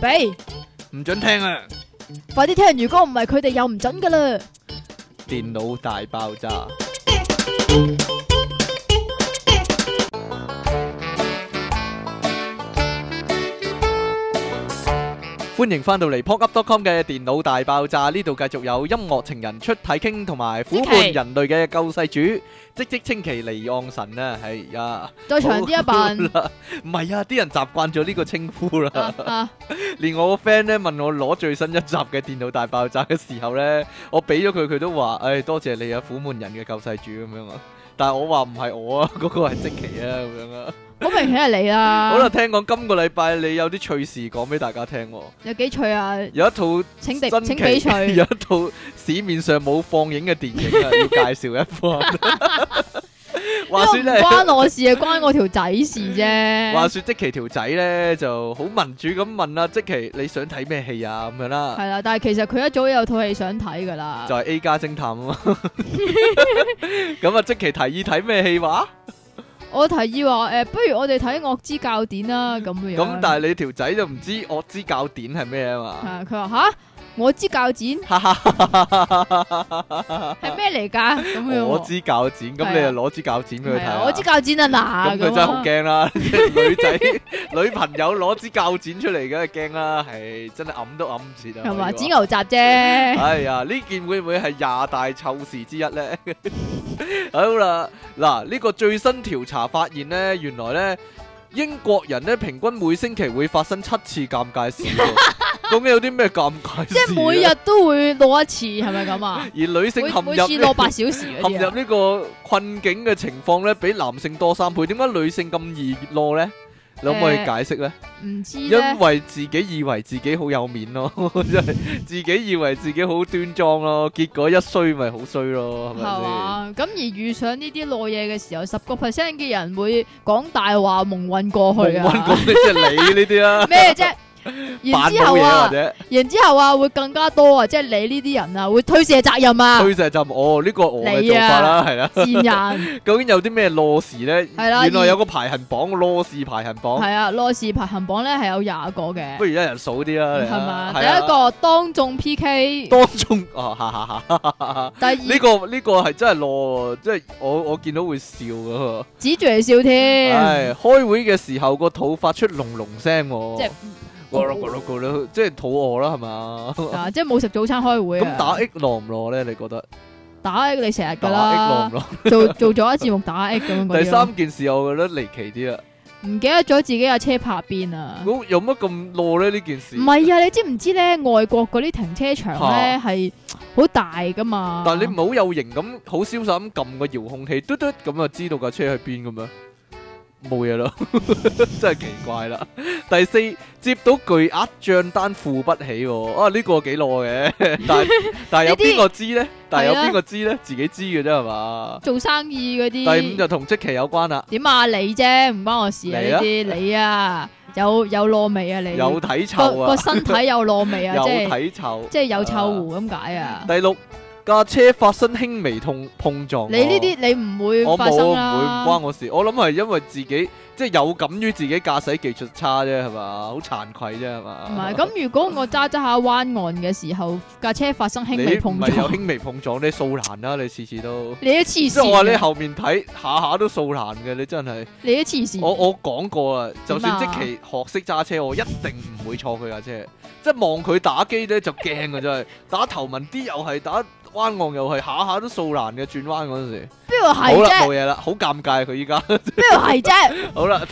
畀，唔准聽啊！快啲聽，如果唔係佢哋又唔准噶啦！電腦大爆炸。歡迎翻到嚟 podup.com 嘅電腦大爆炸呢度，繼續有音樂情人出體 king，同埋苦悶人類嘅救世主，積淇積積淇離岸神咧、啊，係、哎、呀，再長啲一半，唔係啊，啲人習慣咗呢個稱呼啦、啊，啊、 連我個 friend 咧問我攞最新一集嘅電腦大爆炸嘅時候咧，我俾咗佢，佢都話，唉、哎，多謝你啊，苦悶人嘅救世主咁樣啊。但係我話唔係我啊，嗰、嗰個係積淇啊，咁樣啊， 好明顯係你啊。好啦，聽講今個禮拜你有啲趣事講俾大家聽，有幾趣啊？有一套請地，請即請幾趣，有一套市面上冇放映嘅電影要介紹一番。 話說咧關我事啊，關我條仔事啫。話說積淇條仔咧就好民主咁問啦，積淇你想睇咩戲啊咁樣啦。係啦，但係其實佢一早有套戲想睇噶啦。就係 A 加偵探啊嘛。咁啊，積淇提議睇咩戲話？我提議話誒、呃，不如我哋睇《惡之教典》啦咁樣。 咁但係你條仔就唔知《惡之教典》係咩啊嘛、嗯？啊，佢話吓。我支鉸剪，係咩嚟噶？咁 我支鉸剪，咁你就攞支鉸剪俾佢睇？ 我支鉸剪啊嗱，佢真係好驚啦， 女仔女朋友攞支鉸剪出嚟梗係驚啦，係真係揞都揞唔切啊！係嘛，剪、啊、嗎牛雜啫。 哎呀，呢件會唔會係廿大臭事之一咧？ 好啦，嗱，呢個最新調查發現咧，原來咧。英國人咧，平均每星期會發生七次尷尬事， 究竟有啲咩尷尬事？即係每日都會落一次，係咪咁啊？而女性陷入每次落八小時陷入呢個困境嘅情況咧，比男性多三倍。點解女性咁易落咧？你可唔可以解釋咧？唔知因為自己以為自己好有面咯，真係自己以為自己好端莊咯，結果一衰咪好衰咯，係咪先？係嘛？咁而遇上呢啲落嘢嘅時候，十個 percent 嘅人會講大話矇混過去啊！矇混過即係你呢啲啊？咩啫？然之後啊，然之後啊，會更加多啊，即係你呢啲人啊，會推卸責任啊，推卸責任哦，呢個我嘅做法啦，係啦，賤人，究竟有啲咩羅事咧？係啦，原來有個排行榜，羅事排行榜，係啊，羅事排行榜咧係有廿個嘅，不如一人數啲啦，係嘛，第一個當眾 PK，當眾啊，哈哈哈，第二呢個呢個係真係羅，即係我我見到會笑噶，指住你笑添，係開會嘅時候個肚發出隆隆聲，即係。即係肚餓啦，係嘛？即係冇食早餐開會。咁打 A 落唔落咧？你覺得打 A 你成日噶啦，打 A 落唔落 做做咗一節目打 A 咁。 些第三件事我覺得離奇啲啊，唔記得咗自己個車泊邊啊！咁有乜咁落咧？呢件事唔係啊！你知唔知咧？外國嗰啲停車場咧係好大噶嘛？但係你唔好有型咁好瀟灑咁撳個遙控器，嘟嘟咁啊，就知道架車喺邊噶咩？冇嘢咯， 真係奇怪啦。 第四，接到巨額賬單付不起啊，啊呢、呢個幾耐嘅，但係但係有邊個知咧？ 但係有邊個知咧？啊、自己知嘅啫係嘛？做生意嗰啲。第五就同積淇有關啦。點啊你啫，唔關我事啊啲、啊、你啊，有有攞味啊你，有體看臭啊 個，個身體有攞味啊， 即係體臭，即係有臭狐咁解啊。第六。架車發生輕微碰碰撞，oh, 你呢啲你唔會發生，我冇唔會唔關我事。我諗係因為自己即係有感於自己駕駛技術差啫，係嘛，好慚愧啫，係嘛。唔係咁，如果我揸揸下彎岸嘅時候，架車發生輕微，微碰撞，你有輕微碰撞你掃藍啦，你次次都你啲黐線。即係我話你後面睇下下都掃藍嘅，你真係你啲黐線。我我講過啊，就算積淇學識揸車，我一定唔會坐佢架車。麼即係望佢打機咧，就驚啊，真係 打頭文啲又係打。彎岸又係下下都掃爛嘅，轉彎嗰陣時，邊個係啫？好啦，冇嘢啦，好尷尬佢依家，邊個係啫？好啦，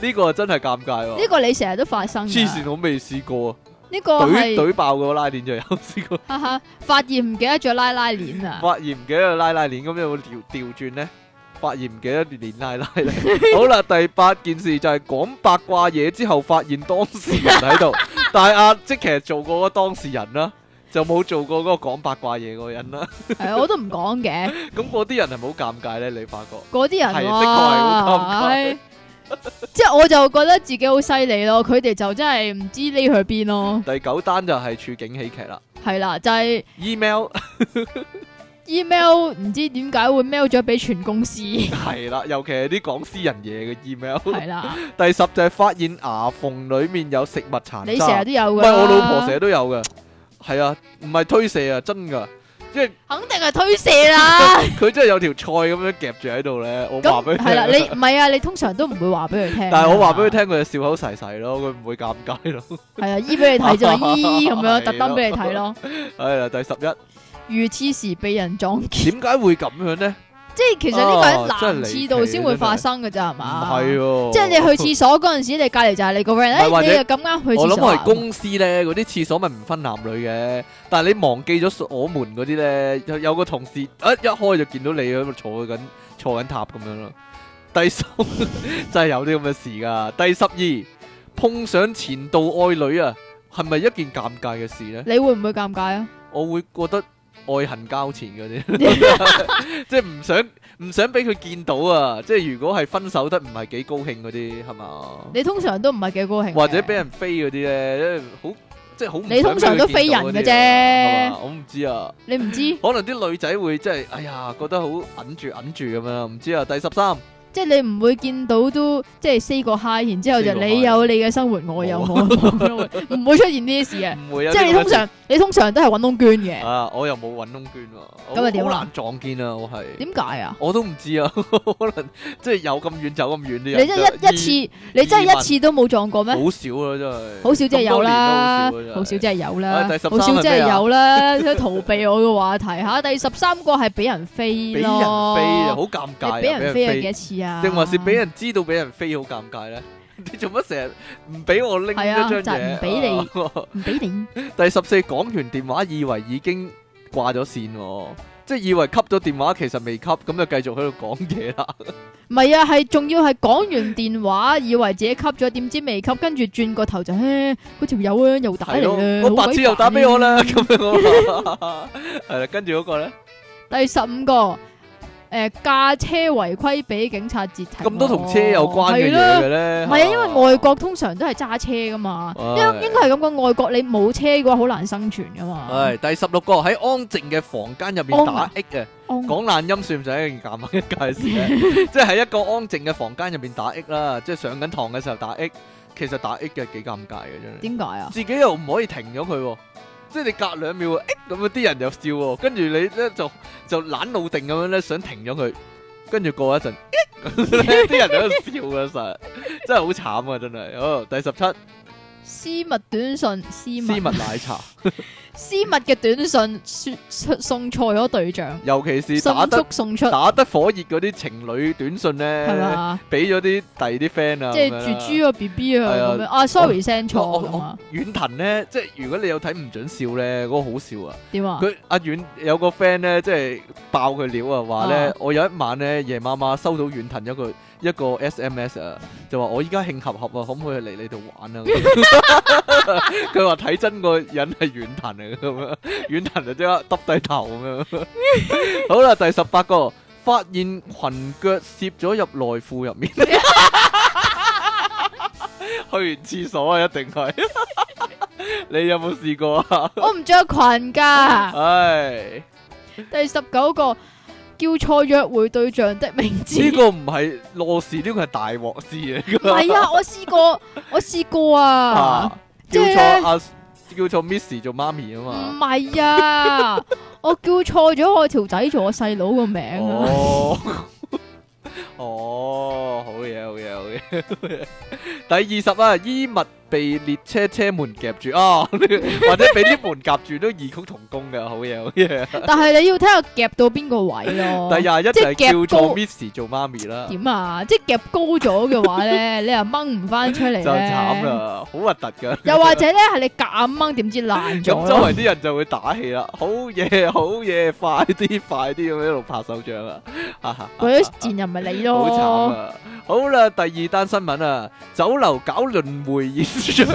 呢個真係尷尬喎。呢個你成日都發生。黐線，我未試過啊。呢個懟懟爆個拉鏈就有試過。哈哈，發現唔記得咗拉拉鏈啊！發現唔記得拉拉鏈，咁樣會調調轉咧？發現唔記得連拉拉。好啦，第八件事就係講八卦嘢之後，發現當事人喺度，但係阿積其實做過個當事人啦。就冇做過嗰個講八卦嘢嗰個人啦，係我都唔講嘅。咁嗰啲人係咪好尷尬咧？你發覺嗰啲人係、啊、的確係好尷尬、哎， 即係我就覺得自己好犀利咯。佢哋就真係唔知匿去邊咯。第九單就係處境喜劇啦，係啦，就係 email，email 唔知點解會 mail 咗俾全公司，係 啦，尤其係啲講私人嘢嘅 email，係啦。了第十就係發現牙縫裏面有食物殘渣。你成日都有嘅。唔，我老婆成日都有嘅。係啊，唔係推卸啊，真噶，即係肯定係推卸啦。佢 真係有條菜咁樣夾住喺度咧， 那我話俾佢聽。係啦，你唔係啊，你通常都唔會話俾佢聽。但係我話俾佢聽，佢就笑口噬噬咯，佢唔會尷尬咯。係啊，醫俾你睇就嘛，醫咁樣，特登俾你睇咯。係啦， 第十一，遇刺時被人撞見，點解會咁樣咧？即係其實呢個喺男廁度先會發生嘅咋，係嘛、啊？係喎，吧啊、即係你去廁所嗰陣時，不你隔離就係你個 friend 咧你又咁啱去廁所。我諗我係公司咧，嗰啲廁所咪唔分男女嘅。但係你忘記咗鎖門嗰啲咧，有個同事一、啊、一開就見到你喺度坐緊坐緊塔咁樣咯。第十 真係有啲咁嘅事㗎。第十二碰上前度愛女啊，係咪一件尷尬嘅事咧？你會唔會尷尬啊？我會覺得。愛恨交纏嗰啲，即係唔想唔想俾佢見到啊！即係如果係分手得唔係幾高興嗰啲，係嘛？你通常都唔係幾高興。或者俾人飛嗰啲咧，即係好即係好。你通常都飛人嘅啫，係嘛，我唔知啊。你唔知？可能啲女仔會即係，哎呀，覺得好忍住忍住咁樣，唔知啊。第十三。即係你唔會見到，都即係 say 個 hi，然之後就你有你嘅生活，我有我嘅生活，唔會出現呢啲事嘅。唔會啊！即係你通常你通常都係揾窿捐嘅啊！我又冇揾窿捐啊！咁啊點好難撞見啊！我係點解啊？我都唔知啊！可能即係有咁遠走咁遠啲人，你真一一次你真係一次都冇撞過咩？好少啊，真係好少真係有啦，好少真係有啦，好少真係有啦！逃避我嘅話題吓，第十三個係俾人飛咯，好尷尬啊！俾人飛係幾多次啊？定還是俾人知道俾人飛好尷尬咧？你做乜成日唔俾我拎一張嘢？唔俾你，唔俾你。第十四講完電話，以為已經掛咗線，即係以為 cut 咗電話，其實未 cut，咁就繼續喺度講嘢啦。唔係啊，係仲要係講完電話，以為自己 cut 咗，點知未 cut？跟住轉個頭就，誒，嗰條友咧又打嚟咧，我白痴又打俾我啦，咁樣咯。係啦，跟住嗰個咧，第十五個。誒、呃，駕車違規俾警察截停、啊，咁都同車有關嘅咧、啊，唔係了啊，因為外國通常都係揸車㗎嘛，應、哎、應該係咁講，外國你冇車嘅話好難生存㗎嘛。係、哎、第十六個喺安靜嘅房間入邊打 A 嘅、啊，講爛音算唔算一件尷尬事、啊？介 即係喺一個安靜嘅房間入邊打 A 啦、啊，即係上緊堂嘅時候打 A，其實打 A 嘅幾尷尬嘅真係。點解啊？自己又唔可以停咗佢喎。即係你隔兩秒，咁啊啲人又笑，跟住你咧就就懶腦定咁樣咧想停咗佢，跟住過一陣，啲 人又笑噶實，真係、啊、好慘啊真係，好第十七私密短信，私密奶茶。 私密嘅短信送送錯咗對象，尤其是打得送出打得火熱嗰啲情侶短信咧，係嘛俾咗啲第二啲 friend 啊，即係豬豬啊 B B 啊咁樣。阿 sorry send 錯啊遠藤咧，即係如果你有睇唔準笑咧，嗰個好笑啊。點啊？佢阿遠有個 friend 咧，即係爆佢料啊，話咧我有一晚咧夜麻麻收到遠藤一個一個 S M S 啊，就話我依家慶合合啊，可唔可以嚟你度玩啊？佢話睇真個人係遠藤嚟。咁 樣軟彈啊，即刻耷低頭咁樣。好啦，第十八個發現裙腳攝咗入內褲入面。 去完廁所啊，一定係。 你有冇試過啊？我唔着裙㗎。 唉。第十九個叫錯約會對象的名字。 呢、呢個唔係羅事，呢個係大鑊事嚟㗎。係啊，我試過，我試過啊。啊叫錯阿。即啊叫做 Missy 做媽咪啊嘛，唔係啊， 我叫錯咗我條仔做我細佬個名啊，哦， 哦，好嘢好嘢好嘢，第二十啊，衣物被列車車門夾住啊，或者俾啲門夾住都異曲同工㗎。好嘢好嘢，但係你要睇下夾到邊個位咯。第廿一就係叫做 Miss 做媽咪啦。點啊？即係夾高咗嘅話咧，你又掹唔翻出嚟咧，就慘啦，好核突噶。又或者咧，係你夾啊掹，點知爛咗？咁周圍啲人就會打氣啦，好嘢好嘢，快啲快啲咁樣一路拍手掌啊！哈哈，嗰啲賤人咪你咯。好慘啊！好啦，第二單新聞啊，酒樓搞輪迴宴。巡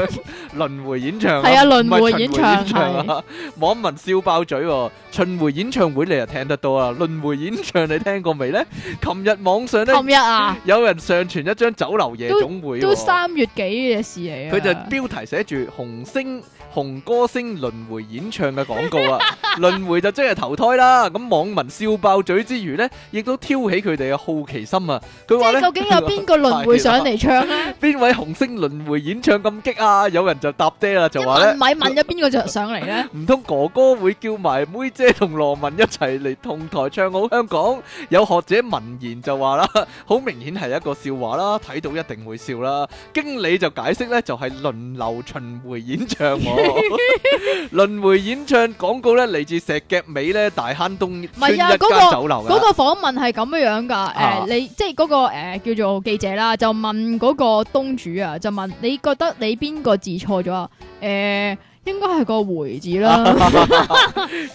迴演唱係啊，輪迴演唱，網民笑爆嘴喎。巡迴演唱會你又聽得到啊，輪迴演唱你聽過未咧？琴日網上咧，琴日啊，有人上傳一張酒樓夜總會，都三月幾嘅事嚟啊！佢就標題寫住紅星。紅歌星輪回演唱嘅廣告啊，輪回 就即係投胎啦。咁網民笑爆嘴之餘呢，亦都挑起佢哋嘅好奇心啊。佢話咧，究竟有邊個輪回上嚟唱咧？邊 啦 位紅星輪回演唱咁激啊？有人就答爹啦，就話咧，咪係問咗邊個就上嚟呢？唔通 哥哥會叫埋妹姐同羅文一齊嚟同台唱好香港？有學者聞言就話啦，好明顯係一個笑話啦，睇到一定會笑啦。經理就解釋呢，就係輪流巡迴演唱，啊 輪迴演唱廣告咧，嚟自石硤尾咧大坑東村一間酒樓嘅。嗰個訪問係咁樣噶誒，你即係嗰個誒叫做記者啦，就問嗰個東主啊，就問你覺得你邊個字錯咗啊？誒，應該係個回字啦。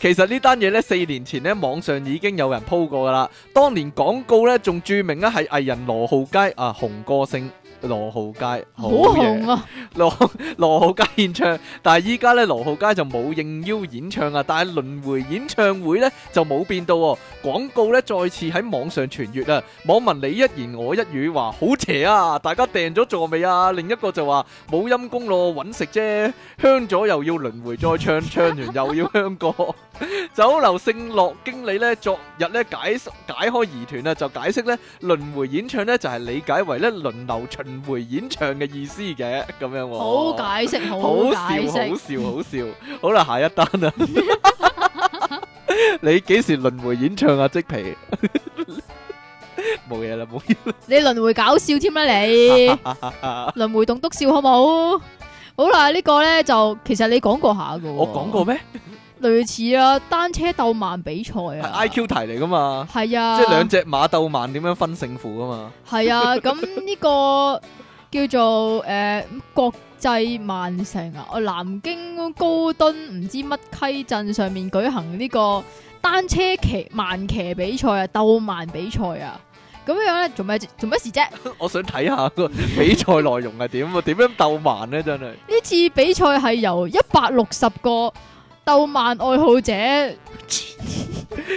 其實呢單嘢咧，四年前咧網上已經有人鋪過噶啦。當年廣告咧仲著名咧係藝人羅浩佳啊，紅歌星。羅浩佳好紅啊！羅羅浩佳演唱，但係依家咧羅浩佳就冇應邀演唱啊！但係輪回演唱會咧就冇變到，廣告咧再次喺網上傳閱啊！網民你一言我一語話好邪啊！大家訂咗座未啊？另一個就話冇陰功咯，搵食啫，香咗又要輪回再唱，唱完又要香過。酒樓盛樂經理咧，昨日咧解解開疑團啊，就解釋咧輪回演唱咧就係理解為咧輪流出，輪回演唱嘅意思嘅咁樣，好解釋，好解釋，好笑，好笑，好笑。好啦，下一單啊，你幾時輪回演唱啊？即皮，冇嘢啦，冇嘢啦。你輪回搞笑添啦，你輪回棟篤笑好唔好？好啦，呢個咧就其實你講過下噶，我講過咩？類似啊，單車鬥慢比賽啊，I Q 題嚟噶嘛？係啊，即係兩隻馬鬥慢，點樣分勝負啊？嘛係啊，咁呢個叫做誒、呃、國際慢城啊，哦南京高墩唔知乜溪鎮上面舉行呢個單車騎慢騎比賽啊，鬥慢比賽啊，咁樣咧做咩做咩事啫、啊？ 我想睇下個比賽內容係點啊？點樣鬥慢咧、啊？真係呢次比賽係由一百六十個。鬥慢愛好者，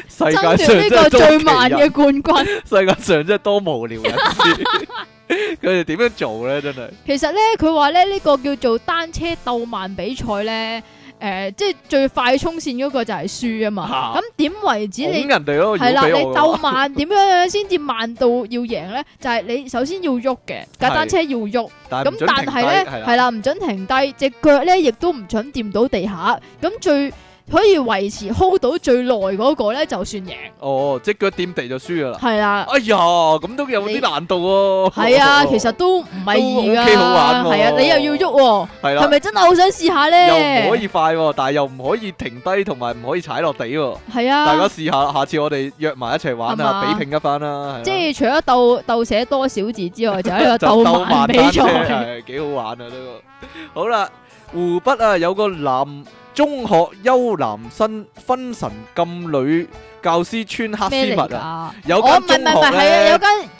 爭奪呢個最慢嘅冠軍。世界上真係多， 多無聊人，佢哋點樣做咧？真係。其實咧，佢話咧呢、這個叫做單車鬥慢比賽咧。誒、呃，即係最快衝線嗰個就係輸啊嘛！咁點、啊、為止你？你人哋咯，係啦，你鬥慢點樣先至慢到要贏咧？ 就係你首先要喐嘅架單車要喐，咁對但係咧係啦，唔准停低，隻腳咧亦都唔准掂到地下，咁最可以維持 hold 到最耐嗰個咧，就算贏。哦，即腳掂地就輸噶啦。係啦。哎呀，咁都有啲難度喎。係啊，其實都唔係易嘅。幾好玩喎！係啊，你又要喐喎。係啦。係咪真係好想試下咧？又唔可以快，但係又唔可以停低，同埋唔可以踩落地喎。係啊。大家試下，下次我哋約埋一齊玩啊，比拼一番啦。即係除咗鬥鬥寫多少字之外，就係個鬥慢車，係幾好玩啊！都好啦，湖北啊，有個男。中學優男生分神禁女教師穿黑絲襪、哦、啊！有間打中學咧就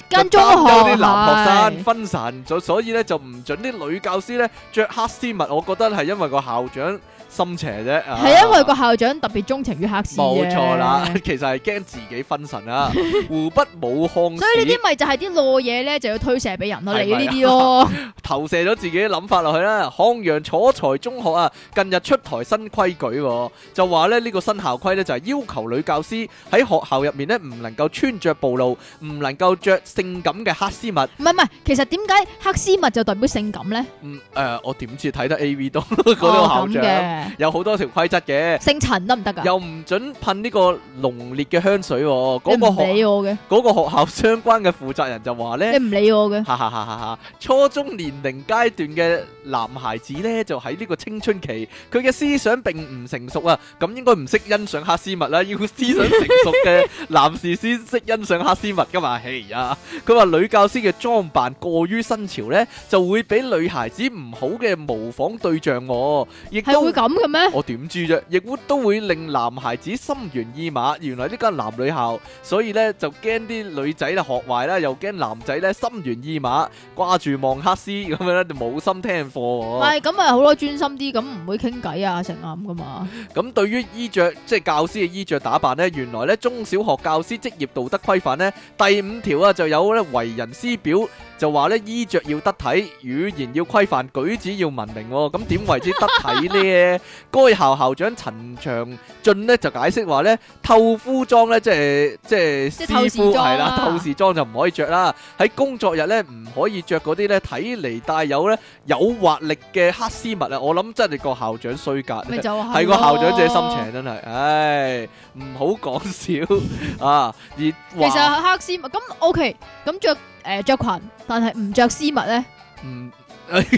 擔心啲男學生分神，就是所以咧就唔准啲女教師咧着黑絲襪。我覺得係因為個校長。心邪啫，係因為個校長特別鍾情於黑絲，冇錯啦。其實係驚自己分神啦、啊。 湖北武漢，所以呢啲咪就係啲落嘢咧，就要推卸俾人咯。你呢啲咯，投射咗自己嘅諗法落去啦。漢陽楚才中學啊，近日出台新規矩、啊，就話咧呢個新校規咧就係要求女教師喺學校入面咧唔能夠穿着暴露，唔能夠着性感嘅黑絲襪。唔係唔係，其實點解黑絲襪就代表性感咧？嗯，誒，我點似睇得 AV 多嗰 個校長。哦。有好多條規則嘅，姓陳得唔得噶？又唔准噴呢個濃烈嘅香水、啊，嗰、嗰個學嗰個學校相關嘅負責人就話呢，你唔理我嘅，哈哈哈！哈哈，初中年齡階段嘅男孩子呢，就喺呢個青春期，佢嘅思想並唔成熟啊，咁應該唔識欣賞黑絲襪啦，要思想成熟嘅男士先識 欣賞黑絲襪噶嘛。哎呀、啊，佢話女教師嘅裝扮過於新潮呢，就會俾女孩子唔好嘅模仿對象我，我亦都。 咁嘅咩？我點知啫？亦會都會令男孩子心猿意馬。原來呢間男女校，所以咧就驚啲女仔啦學壞啦，又驚男仔咧心猿意馬，掛住望黑絲咁樣咧就冇心聽課。唔係咁啊，好多，專心啲，咁唔會傾偈啊，成咁噶嘛。咁對於衣着，即係教師嘅衣着打扮咧，原來咧中小學教師職業道德規範咧第五條啊，就有咧為人師表。就話咧衣着要得體，語言要規範，舉止要文明。咁點為之得體咧？該校校長陳長俊咧就解釋話咧，透膚裝咧即係即係，透膚裝係啦，透視裝就唔可以着啦。喺工作日咧唔可以着嗰啲咧睇嚟帶有咧誘惑力嘅黑絲襪啊！我諗真係個校長衰格，係個校長自己心邪真係，唉，唔好講笑啊！而其實黑絲襪咁 OK，咁着。誒，着、呃、裙，但係唔着絲襪咧？嗯，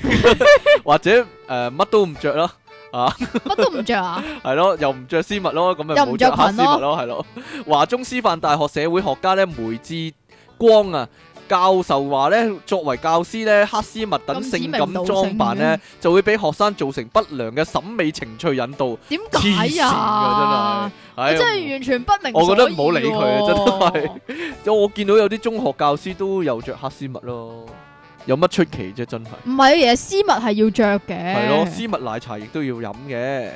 或者誒，乜、呃、都唔着咯，啊，乜都唔着啊？係 咯，又唔着絲襪咯，咁咪冇着裙咯？係咯，華中師範大學社會學家咧梅志光啊。教授話咧，作為教師咧，黑絲襪等性感裝扮咧，就會俾學生造成不良嘅審美情趣引導，點解噶真係，真係完全不明、哎。我覺得唔好理佢，真係，因 我見到有啲中學教師都有着黑絲襪咯，有乜出奇啫？真係，唔係啊，其實絲襪係要着嘅，係咯，絲襪奶茶亦都要飲嘅。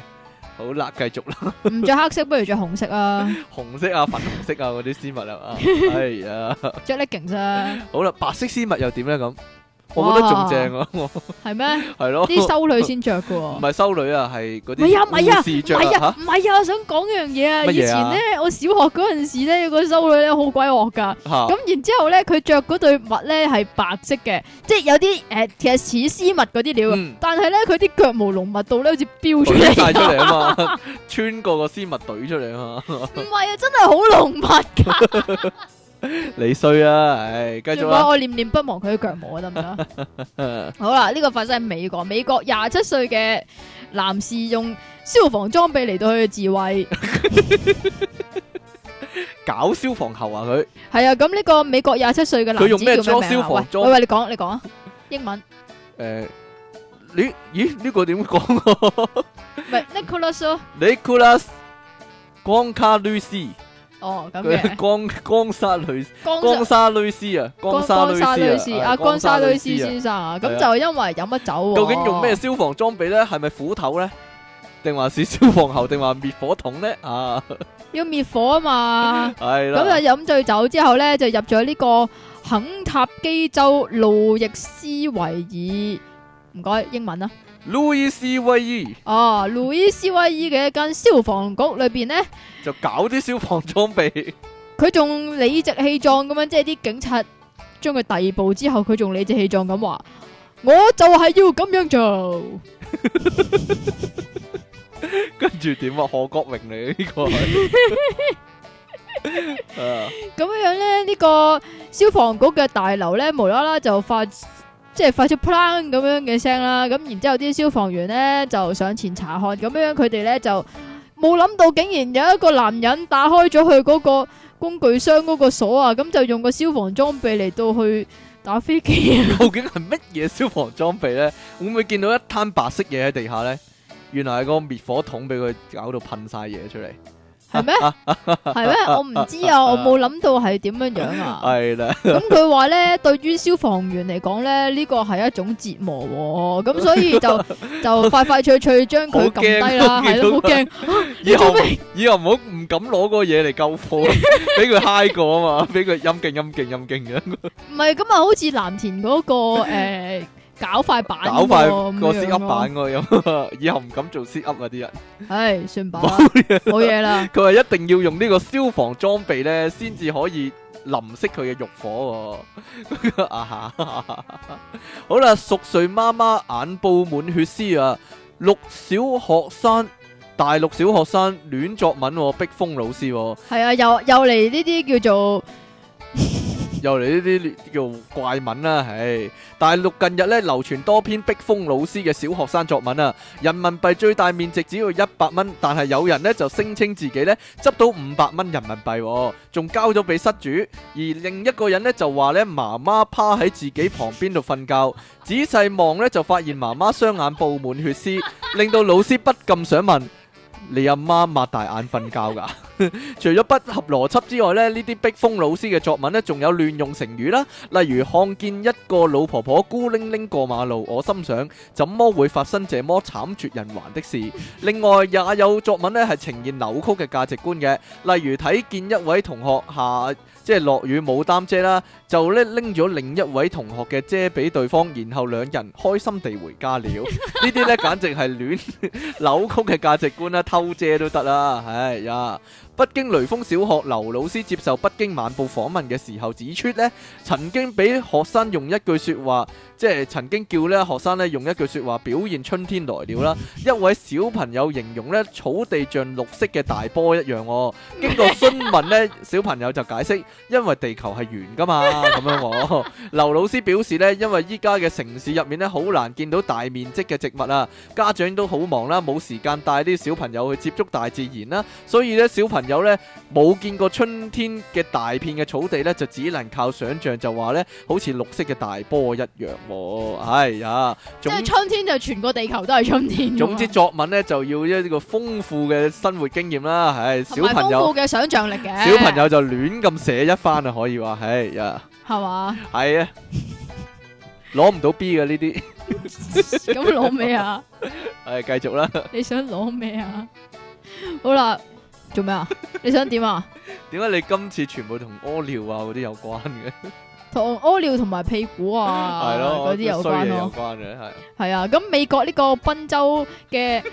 好啦，繼續啦！唔着黑色，不如着紅色啊！ 紅色啊，粉紅色啊，嗰啲絲襪啊，哎呀，著得勁啫！好啦，白色絲襪又點咧咁？我覺得仲正啊，係咩？係咯，啲修女先着噶喎。唔係修女啊，係嗰啲護士長啊，唔係啊，想講一樣嘢啊。以前咧，我小學嗰陣時咧，個修女咧好鬼惡噶。咁然之後咧，佢着嗰對襪咧係白色嘅，即係有啲誒，其實似絲襪嗰啲料。但係咧，佢啲腳毛濃密到咧，好似飆出嚟。穿晒出嚟啊嘛，穿過個絲襪懟出嚟啊嘛。唔係啊，真係好濃密噶。你衰啊！唉，繼續，我念念不忘佢嘅腳毛得唔得？ 好啦，呢、這個發生喺美國，美國廿七歲嘅男士用消防裝備嚟到佢嘅智慧，搞消防喉啊！佢係啊，咁呢個美國廿七歲嘅男人，佢用咩名啊？消防裝喂，喂，你講，你講啊！英文誒，呢、呃、咦呢、這個點講啊？唔係 Nicholas Nicholas 光卡律師哦，咁嘅江江沙女士，江光沙女士啊，江沙女士啊，江沙女士，啊啊、先生啊，咁、啊、就因為飲乜酒，啊？究竟用咩消防裝備咧？係咪斧頭咧？定還是，是消防喉？定話滅火筒咧？啊，要滅火啊嘛，係啦 的。咁啊，飲醉酒之後咧，就入咗呢個肯塔基州路易斯維爾，唔該英文啊。Louis Vee 哦 Louis Vee 嘅、啊、一間消防局裏邊呢，就搞啲消防裝備。佢仲理直氣壯咁樣，即係啲警察將佢逮捕之後，佢仲理直氣壯咁話：我就係要咁樣做。跟住點啊？賀國榮你呢個啊，咁樣樣咧，呢個消防局嘅大樓咧，無啦啦就發。即係發出 plan 咁樣嘅聲啦，咁然之後啲消防員呢就上前查看，咁樣佢哋呢就冇諗到，竟然有一個男人打開咗佢嗰個工具箱嗰個鎖啊，咁就用個消防裝備嚟到去打飛機。究竟係乜嘢消防裝備呢？會唔會見到一灘白色嘢喺地下呢？原來係個滅火筒俾佢搞到噴晒嘢出嚟。係咩？係咩？我唔知啊，我冇諗到係點樣樣啊！係啦，咁佢話咧，對於消防員嚟講咧，呢個係一種折磨喎。咁所以就就快快脆脆將佢撳低啦，係咯，好驚以後以後唔好唔敢攞個嘢嚟救火，俾佢嗨過啊嘛，俾佢陰勁陰勁陰勁嘅。唔係咁啊，好似藍田嗰個誒。搞塊板，搞塊個 CUP 板，喎。咁，以後唔敢做 CUP 嗰啲人。唉，算吧，冇嘢啦。佢話一定要用呢個消防裝備咧，先至可以淋熄佢嘅慾火。啊哈！好啦，熟睡媽媽眼布滿血絲啊，六小學生，大陸小學生，亂作文，逼瘋老師。係啊，又又嚟呢啲叫做。又嚟呢啲叫怪文啦，唉！大陸近日呢流傳多篇逼瘋老師嘅小學生作文啊。人民幣最大面值只要一百蚊，但係有人呢就聲稱自己呢執到五百蚊人民幣，哦，仲交咗俾失主。而另一個人呢就話呢媽媽趴喺自己旁邊度瞓覺，仔細望呢就發現媽媽雙眼布滿血絲，令到老師不禁想問。你阿媽擘大眼瞓覺㗎？ 除咗不合邏輯之外咧，呢啲逼瘋老師嘅作文咧，仲有亂用成語啦。例如看見一個老婆婆孤零零過馬路，我心想：怎麼會發生這麼慘絕人寰的事？另外也有作文咧係呈現扭曲嘅價值觀嘅，例如睇見一位同學下，即係落雨冇擔遮啦。就咧拎咗另一位同學嘅遮俾對方，然後兩人開心地回家了。 呢啲咧簡直係亂 扭曲嘅價值觀啦、啊，偷遮都得啦、啊。係啊、yeah，北京雷鋒小學劉老師接受《北京晚報》訪問嘅時候指出咧，曾經俾學生用一句説話，即係曾經叫咧學生咧用一句説話表現春天來了啦。一位小朋友形容咧草地像綠色嘅大波一樣喎、哦。經過詢問呢，小朋友就解釋因為地球係圓㗎嘛。 咁樣喎，劉老師表示咧，因為依家嘅城市入面咧，好難見到大面積嘅植物啊，家長都好忙啦，冇時間帶啲小朋友去接觸大自然啦，所以咧小朋友咧冇見過春天嘅大片嘅草地咧，就只能靠想象，就話咧好似綠色嘅大波一樣，係啊，即係春天就全個地球都係春天。總之作文咧就要一個豐富嘅生活經驗啦，係豐富嘅想象力嘅，小朋友就亂咁寫一番啊，可以話，係呀。係嘛？係啊，攞唔到 B 嘅呢啲，咁攞咩啊？誒，繼續啦！你想攞咩啊？好啦，做咩啊？你想點啊？點解你今次全部同屙尿啊嗰啲有關嘅？同屙尿同埋屁股啊，係咯，嗰啲有關咯，係啊。係啊，咁美國呢個賓州嘅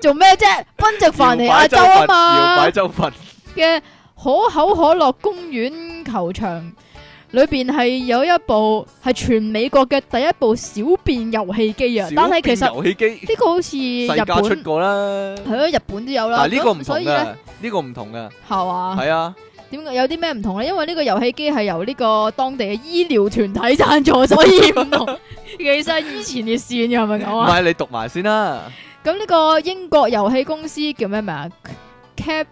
做咩啫？賓夕凡尼亞州啊嘛，搖擺州份嘅可口可樂公園球場。裏邊係有一部係全美國嘅第一部小便遊戲機啊！但係其實小便遊戲機呢個好似日本出過啦，係咯，日本都有啦。但係呢個唔同噶，呢個唔同嘅，係嘛吧？係啊，點解有啲咩唔同咧？因為呢個遊戲機係由呢個當地嘅醫療團體贊助，所以唔同。 其實以前嘅線，係咪咁啊？唔係，你讀埋先啦。咁呢個英國遊戲公司叫咩名？Cap。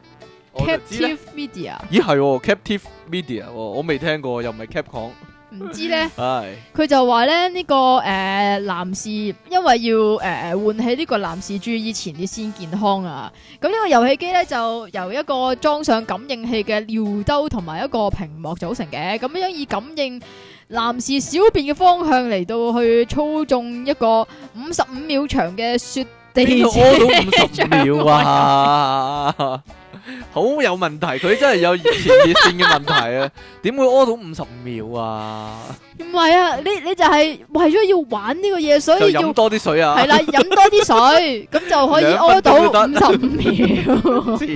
Captive media？ 咦係、哦，Captive media，我未聽過，又唔係 Capcom，唔知咧，係佢就話咧呢個誒、呃、男士，因為要誒誒喚起呢個男士注意前列腺健康啊。咁呢個遊戲機咧就由一個裝上感應器嘅尿兜同埋一個屏幕組成嘅，咁樣以感應男士小便嘅方向嚟到去操縱一個五十五秒長嘅雪。邊度屙到五十五秒啊？ 好有問題，佢真係有前列腺嘅問題啊！點 會屙到五十五秒啊？唔係啊，你你就係為咗要玩呢個嘢，所以要多啲水啊！ 係啦，飲多啲水，咁 就可以屙到五十五秒啊。咁 經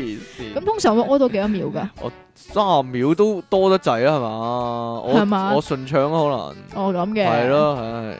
病 通常我屙到幾多秒噶？我三十秒都多得滯啊，係嘛？係嘛吧？我順暢可能。哦、oh，咁嘅。係咯，係。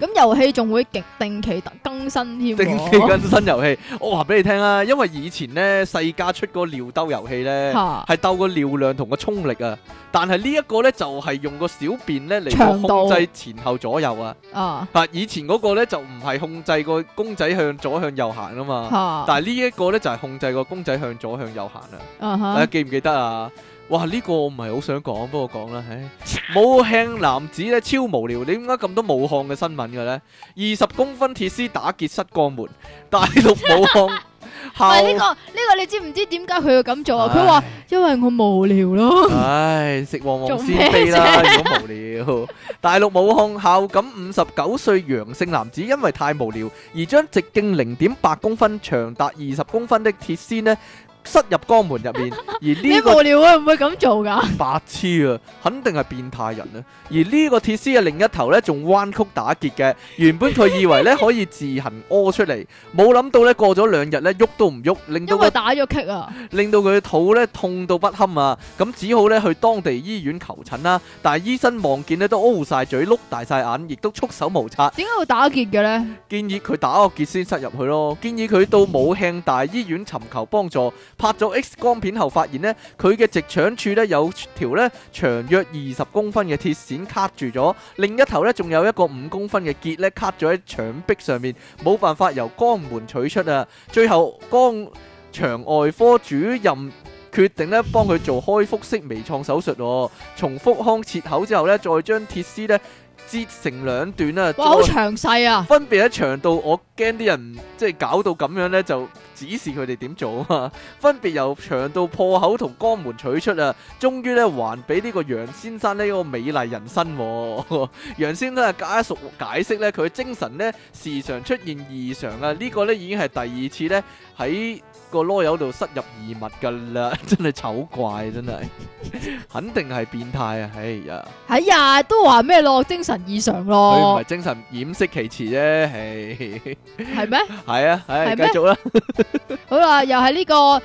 咁遊戲仲會極定期更新添，定期更新遊戲。 我話俾你聽、啊、啦，因為以前呢世嘉出個尿兜遊戲呢，係鬥個尿量同個沖力啊。但係呢一個呢，就係、是、用個小便呢嚟，控制前後左右啊。啊，啊，以前嗰個呢，就唔係控制個公仔向左向右行啊嘛。啊但係呢一個呢，就係、是、控制個公仔向左向右行啊。啊哈大家記唔記得啊？哇！呢個我唔係好想講，不過講啦，唉，武漢男子咧超無聊，你點解咁多武漢嘅新聞嘅咧？二十公分鐵絲打結塞過門，大陸武漢。唔係呢個呢個，你知唔知點解佢要咁做啊？佢話因為我無聊咯。唉，食旺旺先飛啦，如果無聊。大陸武漢孝感五十九歲楊姓男子，因為太無聊而將直徑零點八公分、長達二十公分的鐵絲咧。塞入肛門入面，而呢個無聊會唔會咁做噶？白痴啊，肯定係變態人啊。而呢個鐵絲嘅另一頭咧，仲彎曲打結嘅。原本佢以為咧可以自行屙出嚟，冇諗到咧過咗兩日咧，喐都唔喐，令到佢打咗結啊，令到佢嘅肚咧痛到不堪啊，咁只好咧去當地醫院求診啦。但係醫生望見咧都 O 晒嘴，碌大晒眼，亦都束手無策。點解會打結嘅咧？建議佢打個結先塞入去咯。建議佢到武慶大醫院尋求幫助。拍咗 X 光片後，發現呢佢嘅直腸處呢有條呢長約二十公分嘅鐵線卡住咗，另一頭呢仲有一個五公分嘅結呢卡咗喺腸壁上面，冇辦法由肛門取出啊！最後肛腸外科主任決定呢幫佢做開腹式微創手術，從腹腔切口之後呢，再將鐵絲呢。折成兩段啊，哇！有好詳細啊，分別喺長度，我驚啲人即係搞到咁樣呢，就指示佢哋點做啊。 分別由長度破口同肛門取出啊，終於呢，還俾呢個楊先生呢個美麗人生。 楊先生解述、解釋呢，佢精神呢時常出現異常啊，呢、呢個呢已經係第二次呢喺。個囉柚度塞入異物噶啦，真係醜怪，真係肯定係變態啊！哎呀，係呀，都話咩咯？精神異常咯，佢唔係精神掩飾其詞啫，係係咩？係啊，係繼續啦。好啦，又係呢個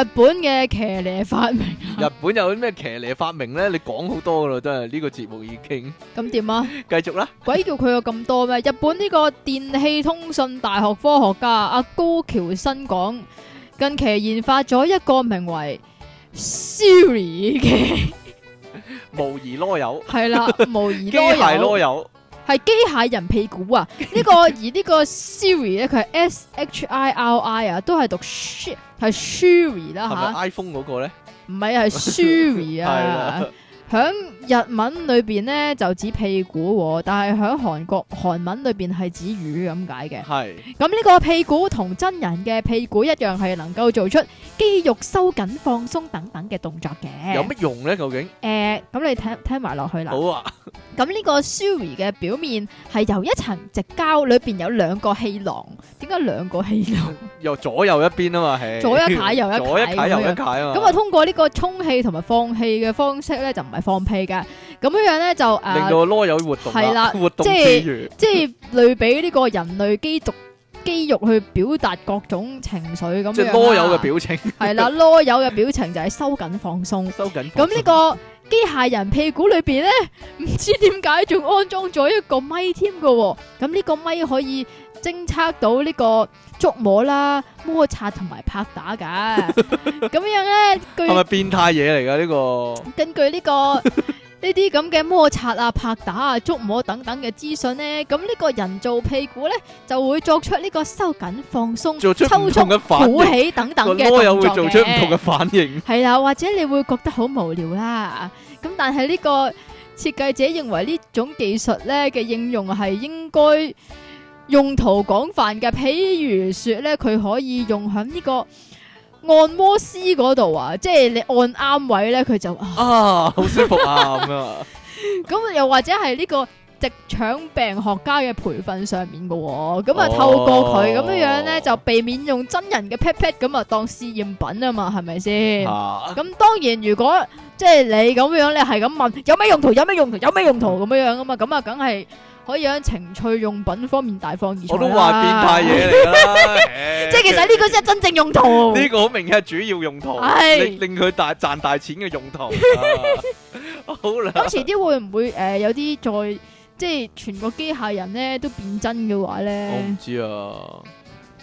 日本嘅騎呢發明。日本有啲咩騎呢發明咧？你講好多噶啦，真係呢個節目已經咁點啊？繼續啦！鬼叫佢有咁多咩？日本呢個電氣通信大學科學家阿高橋新講。近期研發咗一個名為 Siri 嘅模擬囉柚。係啦，模擬攞油，係機械屁機械人屁股啊！呢個、個呢個而呢個 Siri 咧，佢係 S H I R I 啊，都係讀 Sh 係 Siri 啦係咪 iPhone 嗰個咧？唔係係 Siri 啊，響。日文裏邊咧就指屁股，但係喺韓國韓文裏邊係指魚咁解嘅。係是。咁呢個屁股同真人嘅屁股一樣，係能夠做出肌肉收緊、放鬆等等嘅動作嘅。有乜用咧？究竟？誒、呃，咁你聽聽埋落去啦。好啊。咁呢個 Siri 嘅表面係由一層直膠，裏邊有兩個氣囊。點解兩個氣囊？由左右一邊啊嘛，係。左一排，右一排。 左一排，右一排啊咁啊，通過呢個充氣同埋放氣嘅方式咧，就唔係放屁噶。咁樣樣咧就誒，令到囉柚活動啦，活動之餘，即係類比呢個人類肌肉肌肉去表達各種情緒咁樣，即係囉柚嘅表情。係啦，囉柚嘅表情就係收緊放鬆。收緊。咁呢個機械人屁股裏邊咧，唔知點解仲安裝咗一個咪添㗎喎。咁呢個咪可以偵測到呢個觸摸啦、摩擦同埋拍打㗎。咁樣咧，係咪變態嘢嚟㗎呢個？根據呢個。呢啲咁嘅摩擦啊、拍打啊、觸摸等等嘅資訊呢，咁呢個人造屁股呢，就會作出呢個收緊、放鬆、出抽縮嘅鼓起等等嘅動作嘅。有 會做出唔同嘅反應。係 啊，或者你會覺得好無聊啦。咁但係呢個設計者認為呢種技術呢嘅應用係應該用途廣泛嘅，譬如說呢，佢可以用響呢個。按摩師嗰度啊，即係你按啱位咧，佢就啊，啊，好舒服啊咁、 嗯、啊。咁 又或者係呢個直腸病學家嘅培訓上面噶、啊，咁啊透過佢咁樣樣咧，就避免用真人嘅 pat pat 咁啊當試驗品啊嘛，係咪先？咁、啊、當然如果即係你咁樣你係咁問有咩用途？有咩用途？有咩用途？咁樣樣噶嘛，咁啊梗係。可以喺情趣用品方面大放異彩，我都話變態嘢、 欸、即係其實呢個先係真正用途。呢 Okay. 個好明顯係主要用途，是令令佢大賺大錢嘅用途。啊、 好啦會會，咁遲啲會唔會誒有啲再即係全個機械人咧都變真嘅話咧？我唔知啊。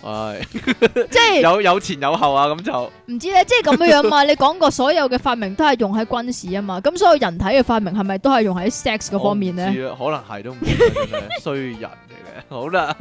唉，即係有有前有後啊，咁就唔知咧。即係咁樣嘛，你講過所有嘅發明都係用喺軍事啊嘛，咁所有人體嘅發明係咪都係用喺 sex 嗰方面咧？可能係都唔知啦，衰人嚟嘅。好啦，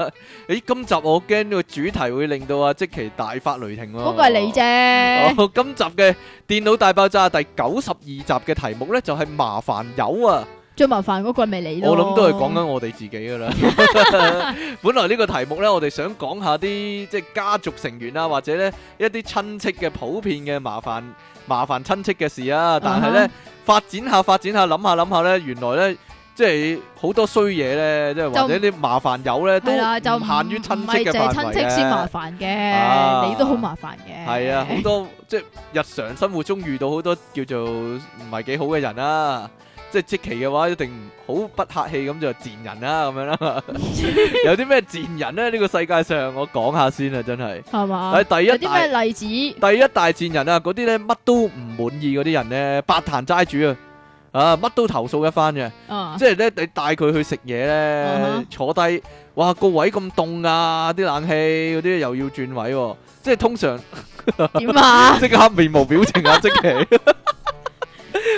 誒，今集我驚呢個主題會令到阿積淇大發雷霆咯。嗰個係你啫。今集嘅電腦大爆炸第九十二集嘅題目咧，就係麻煩友啊。最麻煩嗰個咪你咯，我諗都係講緊我哋自己㗎啦。本來呢個題目呢，我哋想講下啲即係家族成員啦、啊，或者呢一啲親戚嘅普遍嘅麻煩，麻煩親戚嘅事啊。但係呢、uh huh. 發，發展下發展下，諗下諗下呢，原來呢，即係好多衰嘢呢，即係就或者啲麻煩友呢，都唔限於親戚嘅範圍、啊、親戚先麻煩嘅，啊、你都好麻煩嘅。係啊，好多即係 日常生活中遇到好多叫做唔係幾好嘅人啊。即係積淇嘅話，一定好不客氣咁就賤人啦、啊，咁樣啦。 有啲咩賤人咧？呢、這個世界上，我講下先啦，真係。係嘛吧？第一有啲咩例子？第一大賤人啊，嗰啲咧乜都唔滿意嗰啲人咧，八壇齋主啊，啊乜都投訴一番嘅。即係咧你帶佢去食嘢咧，uh huh. 坐低，哇個位咁凍啊，啲冷氣嗰啲又要轉位，即係通常點啊？即啊 刻面無表情啊，積淇。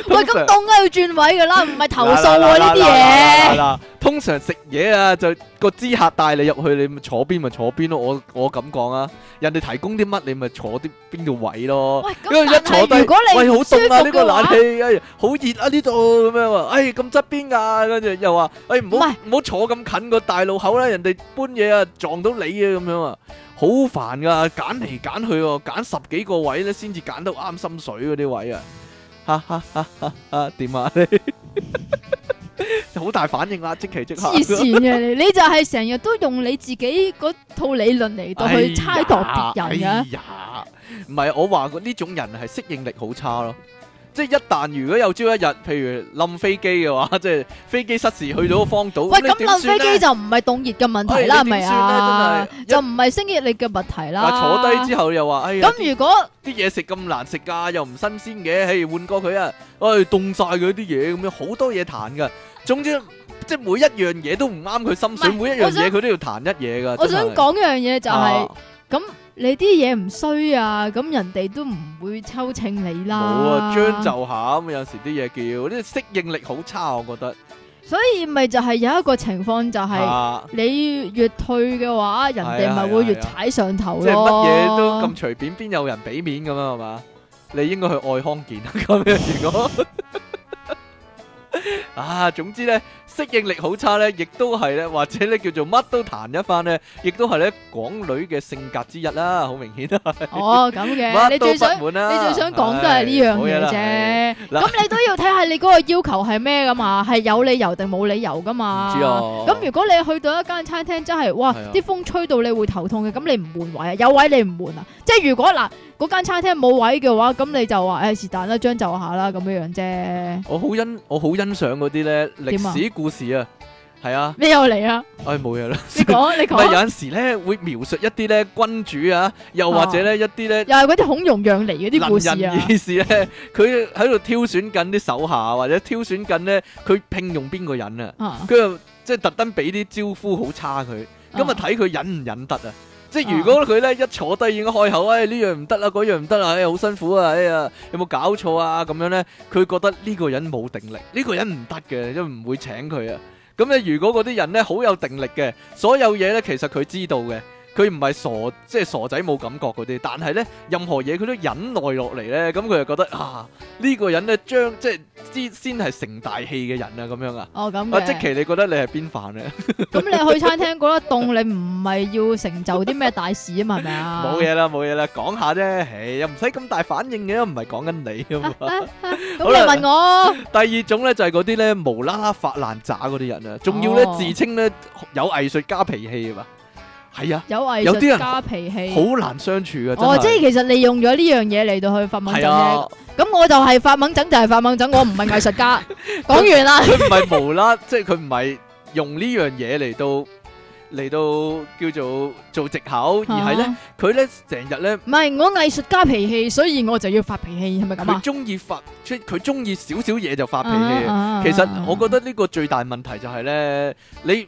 喂，咁凍梗要轉位噶啦，唔係投訴喎呢啲嘢。通常食嘢啊，就個知客帶你入去，你咪坐邊咪坐邊咯。我我咁講啊，人哋提供啲乜，你咪坐啲邊度位咯、啊。喂，為一坐低，喂好凍啊呢、這個冷氣，話哎好熱啊呢度咁樣，哎咁側邊噶跟住又話，哎唔好唔好坐咁近個大路口啦，人哋搬嘢啊撞到你啊咁樣煩啊，好煩噶，揀嚟揀去，揀十幾個位咧先至揀到啱心水嗰啲位啊。哈哈哈哈吓！點啊，啊，啊，啊你好 大反應啦，即期即刻黐線嘅你你就係成日都用你自己嗰套理論嚟到去猜度別人、啊哎、呀！唔、哎、係，我話過呢種人係適應力好差咯。即係一旦如果有朝一日，譬如冧飛機嘅話，即係飛機失事去到荒島，喂咁冧飛機就唔係凍熱嘅問題啦，係咪啊？算啦，真係，就唔係星熱力嘅問題啦。坐低之後又話，哎咁如果啲嘢食咁難食㗎，又唔新鮮嘅，嘿換過佢啊，喂、哎，凍晒佢啲嘢咁樣，好多嘢彈㗎。總之即係每一樣嘢都唔啱佢心水，是每一樣嘢佢想都要彈一嘢㗎。我想講一樣嘢就係、是、咁。啊啊你啲嘢唔衰啊，咁人哋都唔會抽秤你啦。冇啊，將就下咁有時啲嘢叫啲適應力好差，我覺得。所以咪就係有一個情況就係、是，啊、你越退嘅話，人哋咪、哎、呀會越踩上頭咯、哎哎。即係乜嘢都咁隨便，邊有人俾面咁啊？係嘛？你應該去愛康健咁樣。 天如果 啊，總之咧。適應力好差咧，亦都係咧，或者咧叫做乜都彈一翻咧，亦都係咧港女嘅性格之一啦，好明顯啦，哦，咁嘅， 你最想，你最想講都係呢樣嘢啫。咁你都要睇下你嗰個要求係咩噶嘛，係 有理由定冇理由噶嘛？咁、啊、如果你去到一間餐廳真係，哇！啲、啊、風吹到你會頭痛嘅，咁你唔換位啊？有位你唔換啊？即係如果嗱，嗰間餐廳冇位嘅話，咁你就話誒，是但啦，將就下啦，咁樣樣啫。我好欣我好欣賞嗰啲咧歷史故事啊，係啊。咩又嚟啊？唉，冇嘢啦。你講你講。咪有陣時咧會描述一啲咧君主啊，又或者咧、啊、一啲咧，又係嗰啲孔融讓梨嗰啲故事啊。意思咧，佢喺度挑選緊啲手下，或者挑選緊咧佢聘用邊個人啊？佢又、啊啊、即係特登俾啲招呼好差佢，咁咪睇佢忍唔忍得啊？啊即係如果佢咧一坐低已經開口，哎呢樣唔得啦，嗰樣唔得啦，哎好辛苦啊，哎呀有冇搞錯啊，咁樣咧？佢覺得呢個人冇定力，呢個人唔得嘅，因為唔會請佢啊。咁咧，如果嗰啲人咧好有定力嘅，所有嘢咧其實佢知道嘅。佢唔係傻，即係傻仔冇感覺嗰啲，但係咧任何嘢佢都忍耐落嚟咧，咁佢就覺得啊，呢個人咧將即係先先係成大器嘅人啊，咁樣啊。哦，咁啊即奇你覺得你係邊範咧？咁你去餐廳過啦，凍你唔係要成就啲咩大事啊嘛，係咪啊？冇嘢啦，冇嘢啦，講下啫，唉又唔使咁大反應嘅，唔係講緊你嘅嘛。咁你問我第二種咧，就係嗰啲咧無啦啦發爛渣嗰啲人啊，仲要咧自稱咧有藝術家脾氣啊嘛～係啊，有藝術家脾氣，好難相處噶。哦，即係其實你用咗呢樣嘢嚟到去發猛整嘅。咁我就係發猛整就係發猛整，我唔係藝術家。講完啦。佢唔係無啦，即係佢唔係用呢樣嘢嚟到嚟到叫做做藉口，而係咧佢咧成日咧。唔係我藝術家脾氣，所以我就要發脾氣，係咪咁啊？佢中意發出，佢中意少少嘢就發脾氣。其實我覺得呢個最大問題就係咧，你。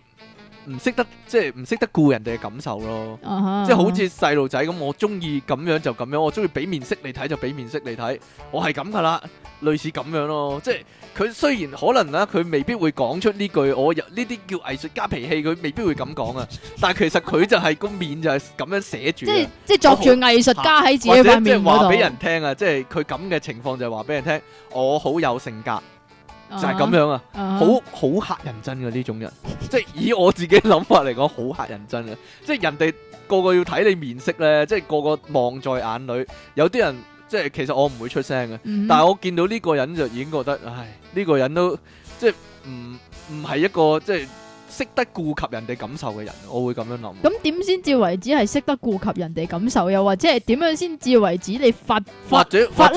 唔識得即係唔識得顧人哋嘅感受咯，uh、huh, 即係好似細路仔咁，我中意咁樣就咁樣，我中意俾面色你睇就俾面色你睇，我係咁噶啦，類似咁樣咯。即係佢雖然可能啦、啊，佢未必會講出呢句，我有呢啲叫藝術家脾氣，佢未必會咁講啊。但係其實佢就係個面就係咁樣寫住，即係即係作住藝術家喺自己塊面嗰度，或者即係話俾人聽啊，即係佢咁嘅情況就係話俾人聽、啊，我好有性格。就係咁樣啊，好好吓人憎嘅呢種人，即係以我自己諗法嚟講，好吓人憎嘅，即係人哋個個要睇你面色咧，即係個個望在眼裏，有啲人即係其實我唔會出聲嘅，mm hmm. 但係我見到呢個人就已經覺得，唉，呢個人都即係唔唔係一個即係。識得顧及人哋感受嘅人，我會咁樣諗。咁點先至為止係識得顧及人哋感受？又或者係點樣先至為止？你發發或者發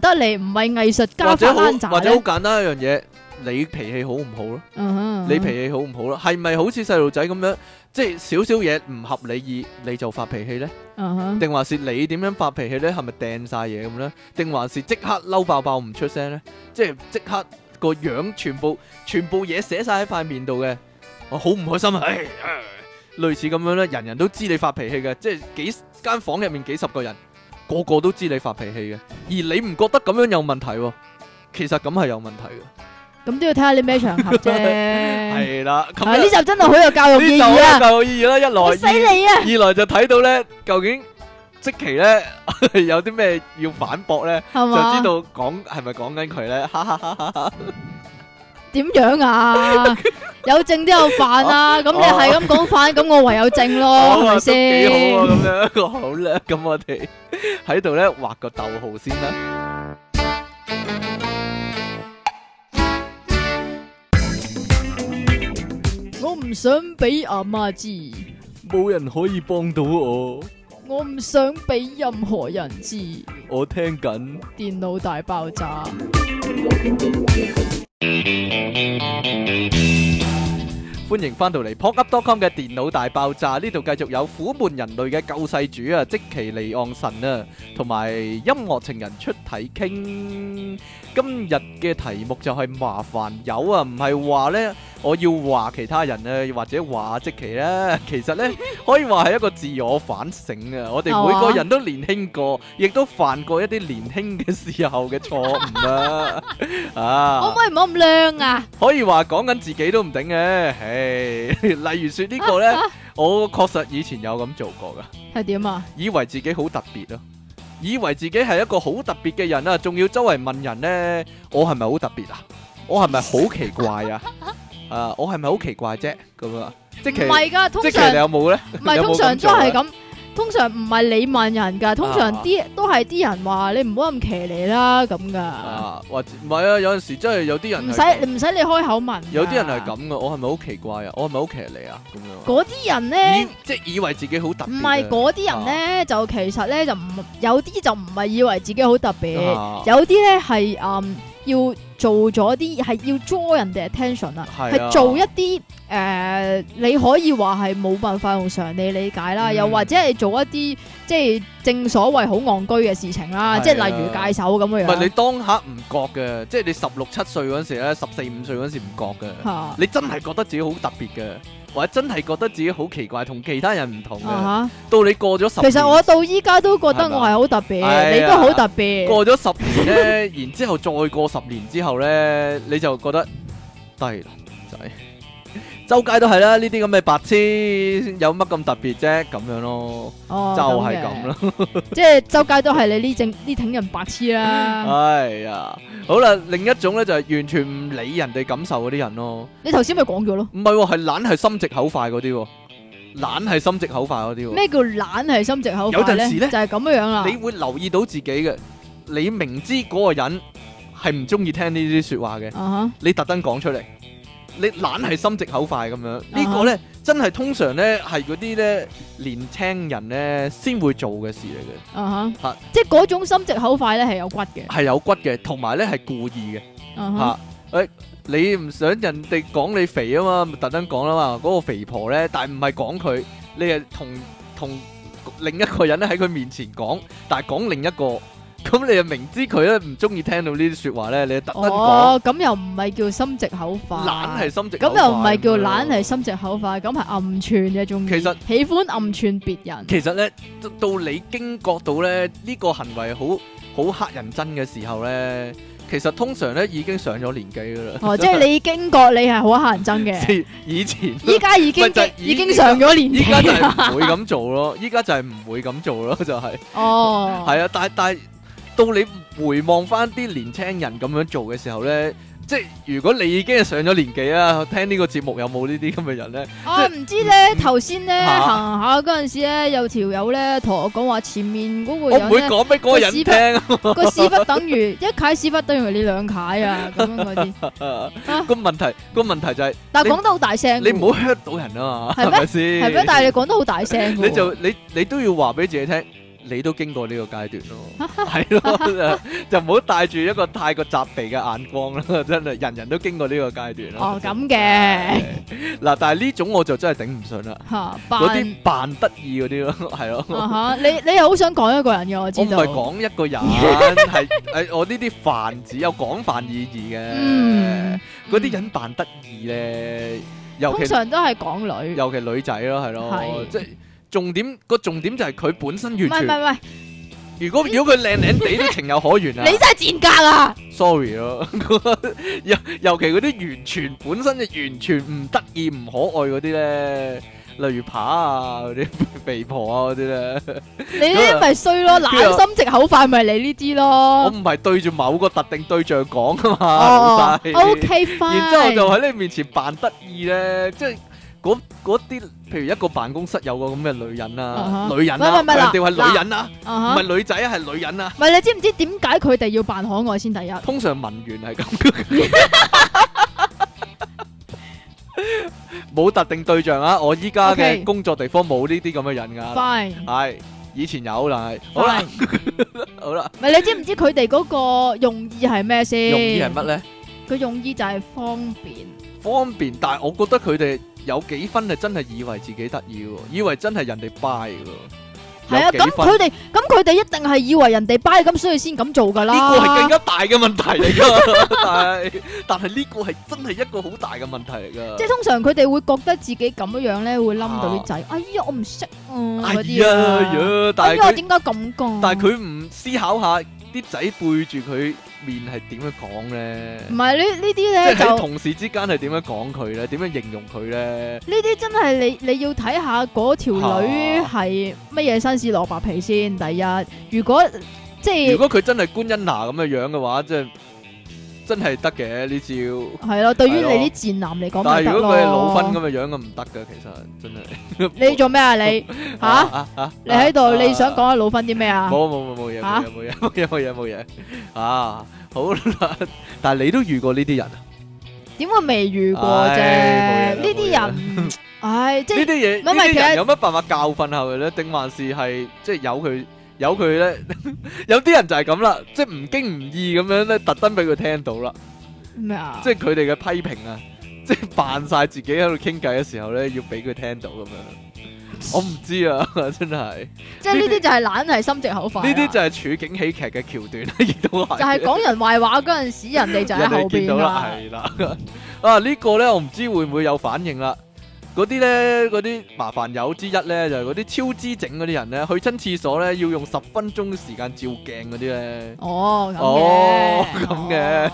得嚟，唔係藝術家或者好簡單一樣嘢，你脾氣好唔好咯？Uh huh, uh huh. 你脾氣好唔好咯？係咪好似細路仔咁樣，即係少少嘢唔合你意，你就發脾氣呢？定、uh huh. 還是你點樣發脾氣呢？係咪掟晒嘢咁呢？定還是即刻嬲爆爆唔出聲呢？即係即刻個樣全部全部嘢寫晒喺塊面度嘅？我好唔開心啊！類似咁樣咧，人人都知你發脾氣嘅，即係幾間房入面幾十個人，個個都知你發脾氣嘅。而你唔覺得咁樣有問題？其實咁係有問題嘅。咁都要睇下你咩場合啫。係啦，琴日呢集真係好有教育意義啊！教育意義啦，一來二來就睇到咧，究竟即期咧有啲咩要反駁咧，就知道講係咪講緊佢咧。哈哈哈哈哈。點樣啊？有正都有反啊！咁你係咁講反，咁我唯有正咯，係咪先？好叻，咁我哋喺度咧畫個逗號先啦。我唔想俾阿媽知，冇人可以幫到我。我唔想俾任何人知。我聽緊電腦大爆炸。歡迎翻到嚟 poke dot com 嘅電腦大爆炸呢度，繼續有苦悶人類嘅救世主啊，積淇離岸神啊，同埋音樂情人出體 king。今日嘅題目就係麻煩友啊，唔係話呢，我要話其他人啊，或者話積淇啦。其實呢，可以話係一個自我反省啊。我哋每個人都年輕過，亦都犯過一啲年輕嘅時候嘅錯誤啊。啊，可唔可以唔好咁靚啊？可以話講緊自己都唔頂嘅。唉，例如說呢個呢，我確實以前有咁做過噶。係點啊？以為自己好特別啊。以為自己係一個好特別嘅人啊，仲要周圍問人咧，我係咪好特別啊？我係咪好奇怪啊？誒， uh, 我係咪好奇怪啫？咁樣啊，即係唔係噶？通常你有冇咧？唔係，通常 有冇都係咁。通常唔係你問人噶，通常啲都係啲人話你唔好咁騎呢啦咁噶。啊，或唔係啊，有陣時真係有啲人唔使唔使你開口問。有啲人係咁噶，我係咪好奇怪啊？我係咪好騎呢啊？咁樣。嗰啲人咧，即係以、就是、以為自己好特別。唔係嗰啲人咧，啊、就其實咧就唔有啲就唔係以為自己好特別，啊、有啲咧係嗯要。做咗啲係要 draw 人哋 attention 是啊，係做一啲誒、呃，你可以話係冇辦法用常理理解啦，嗯、又或者係做一啲即係正所謂好戇居嘅事情啦是、啊，即係例如界手咁樣。唔係你當下唔覺嘅，即係你十六七歲嗰陣時咧，十四五歲嗰陣時唔覺嘅，你真係覺得自己好特別嘅。或者真係覺得自己好奇怪，同其他人唔同嘅。Uh huh. 到你過咗十年，其實我到依家都覺得我係好特別。你都好特別。過咗十年呢， 然之後再過十年之後呢，你就覺得低啦。周街都係啦，呢啲咁嘅白痴，有乜咁特別啫？咁樣咯，哦、就係咁啦。即係周街都係你呢正呢頂人白痴啦。哎呀，好啦，另一種咧就係完全唔理人哋感受嗰啲人咯。你頭先咪講咗咯？唔係喎，係懶係心直口快嗰啲喎，懶係心直口快嗰啲。咩叫懶係心直口快呢？有陣時咧就係咁樣啦、啊。你會留意到自己嘅，你明知嗰個人係唔中意聽呢啲説話嘅，你特登講出嚟。你懶係心直口快咁樣，呢個呢真係通常呢係嗰啲呢年輕人呢先會做嘅事嚟嘅。啊哈，嚇！即係嗰種心直口快呢係有骨嘅，係有骨嘅，同埋呢係故意嘅。嚇！誒，你唔想人哋講你肥啊嘛？特登講啊嘛？嗰個肥婆呢，但係唔係講佢，你係同同另一個人咧喺佢面前講，但係講另一個。咁、嗯、你又明知佢咧唔中意聽到呢啲説話咧，你特登講哦，咁又唔係叫心直口快，懶係心直，咁又唔係叫懶係心直口快，咁係暗串嘅。中意其實喜歡暗串別人。其實咧，到你驚覺到咧呢、呢個行為好好乞人憎嘅時候咧，其實通常咧已經上咗年紀噶啦。哦，即係你驚覺你係好乞人憎嘅， 以前依家已經已經上咗年紀，依家就係唔會咁做咯，依家 就係唔會咁做咯，就係哦，係啊，但但。到你回望翻啲年青人咁樣做嘅時候咧，即係如果你已經係上咗年紀啦，聽呢個節目有冇呢啲咁嘅人咧？我唔知咧，頭先咧行下嗰陣時咧，有條友咧同我講話前面嗰個，我唔會講俾嗰個人聽。個屎忽等於一揩屎忽等於你兩揩啊！咁嗰啲個問題個問題就係，但係講得好大聲，你唔好 hurt 到人啊嘛，係咪先？係咪？但係你講得好大聲，你就你你都要話俾自己聽。你都經過呢個階段咯，係咯，就唔好帶住一個太過責備嘅眼光啦，真係人人都經過呢個階段咯。哦，咁嘅嗱，但係呢種我就真係頂唔順啦。嚇，扮扮得意嗰啲咯，係咯。你你又好想講一個人嘅喎，我知道？我係講一個人，係誒，我呢啲扮字有廣泛意義嘅。嗰啲人扮得意咧，通常都係講女，尤其女仔咯，係咯，即係。重點，個重點就係佢本身完全，唔係。如果如果佢靚靚地都情有可原啦，啊。你真係賤格啊！Sorry 咯，尤尤其嗰啲完全本身就完全唔得意唔可愛嗰啲咧，例如扒啊嗰啲肥婆啊嗰啲咧。你呢啲咪衰咯，懶心直口快咪你呢啲咯。我唔係對住某個特定對象講噶嘛，哦，老細。Okay, fine。然之後就喺你面前扮得意咧，即係。嗰嗰啲，譬如一個辦公室有個咁嘅女人啊，女人啊，定係女人啊，唔係女仔，係女人啊。唔係你知唔知點解佢哋要扮可愛先？第一，通常文員係咁。冇特定對象啊！我依家嘅工作地方冇呢啲咁嘅人噶。Fine。係以前有，但係好啦，好啦。唔係你知唔知佢哋嗰個用意係咩先？用意係乜咧？佢用意就係方便。方便，但係我覺得佢哋。有幾分係真係以為自己得意喎，以為真係人哋 buy 喎。係啊，咁佢哋咁佢哋一定係以為人哋 buy 咁，所以先咁做㗎啦。呢個係更加大嘅問題嚟㗎。係，但係呢個係真係一個好大嘅問題嚟㗎。即係通常佢哋會覺得自己咁樣樣咧，會冧到啲仔。哎呀，我唔識啊嗰啲啊。哎呀呀！但係點解點解咁講？但係佢唔思考下啲仔背住佢。面係點樣講咧？唔係呢呢啲咧，就同事之間係點樣講佢咧？點 樣形容佢咧？呢啲真係你你要睇下嗰條女係乜嘢紳士蘿蔔皮先。第一，如果即係如果佢真係官恩娜咁嘅樣嘅話，即係。真係得嘅，呢招係咯，對於你啲賤男嚟講，但係如果佢係老芬咁嘅樣，咁唔得噶，其實真係。你做咩啊你？吓吓，你喺度你想講下老芬啲咩啊？冇冇冇冇嘢。吓冇嘢冇嘢冇嘢冇嘢。啊好啦，但係你都遇過呢啲人啊？點會未遇過啫？呢啲人，唉，即係呢啲嘢。咁咪其實有乜辦法教訓下佢咧？定還是係即係由佢？有佢咧， 有啲人就係咁啦，即係唔經唔意咁樣咧，特登俾佢聽到啦。咩啊？即係佢哋嘅批評啊，即係扮曬自己喺度傾偈嘅時候咧，要俾佢聽到咁樣。我唔知啊，真係。即係呢啲就係懶係心直口快。呢啲就係處境喜劇嘅橋段。亦都係就係講人壞話嗰陣時，人哋就喺後邊啦、啊。係啦。啊，這個、呢個咧，我唔知會唔會有反應啊？嗰啲咧，嗰啲麻煩友之一咧，就係嗰啲超姿整嗰啲人咧，去親廁所咧要用十分鐘嘅時間照鏡嗰啲咧。哦，哦，咁嘅。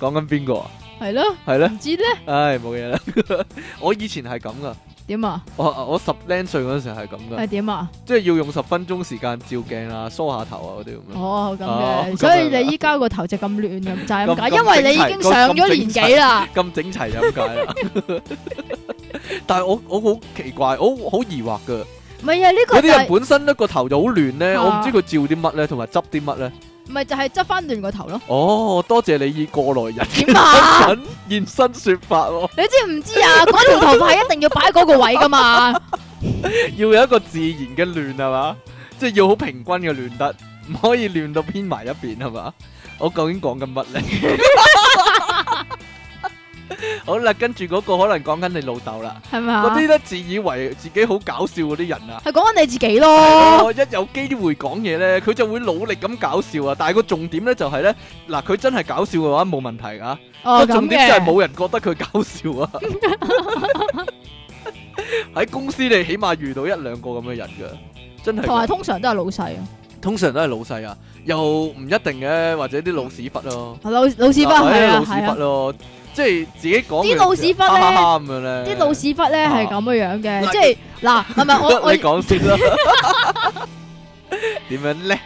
講緊邊個啊？係 咯，係咯呢，唔知咧。唉、哎，冇嘢啦。 我以前係咁噶。點啊！我我十零歲嗰時係咁噶，係點啊？即係要用十分鐘時間照鏡啊，梳下頭啊嗰啲咁樣。哦，咁嘅，所以你依家個頭就咁亂嘅，就係咁解。因為你已經上咗年紀啦，咁整齊就咁解啦。但係我我好奇怪，我好疑惑噶。唔係啊，呢個有啲人本身一個頭就好亂咧，我唔知佢照啲乜咧，同埋執啲乜咧。唔係就係執翻亂個頭咯。哦，多謝你以過來人、啊、 現身說法、哦、你知唔知啊？嗰條 頭髮係一定要擺嗰個位噶嘛。 要有一個自然嘅亂係嘛，即係要好平均嘅亂得，唔可以亂到偏埋一邊係嘛。我究竟講緊乜咧？ 好啦，跟住嗰個可能講緊你老豆啦，係咪啊？嗰啲都自以為自己好搞笑嗰啲人啊，係講緊你自己咯。一有機會講嘢咧，佢就會努力咁搞笑啊。但係個重點咧就係咧，嗱，佢真係搞笑嘅話冇問題啊。哦，咁嘅。個重點真係冇人覺得佢搞笑啊。喺公司你起碼遇到一兩個咁嘅人噶，真係。同埋通常都係老細啊，通常都係老細啊，又唔一定嘅，或者啲老屎忽咯，係老老屎忽係啊，老屎忽咯。即係自己講啲老屎忽咧，啲老屎忽咧係咁嘅樣嘅，即係嗱，係咪我我你講先啦，點樣咧？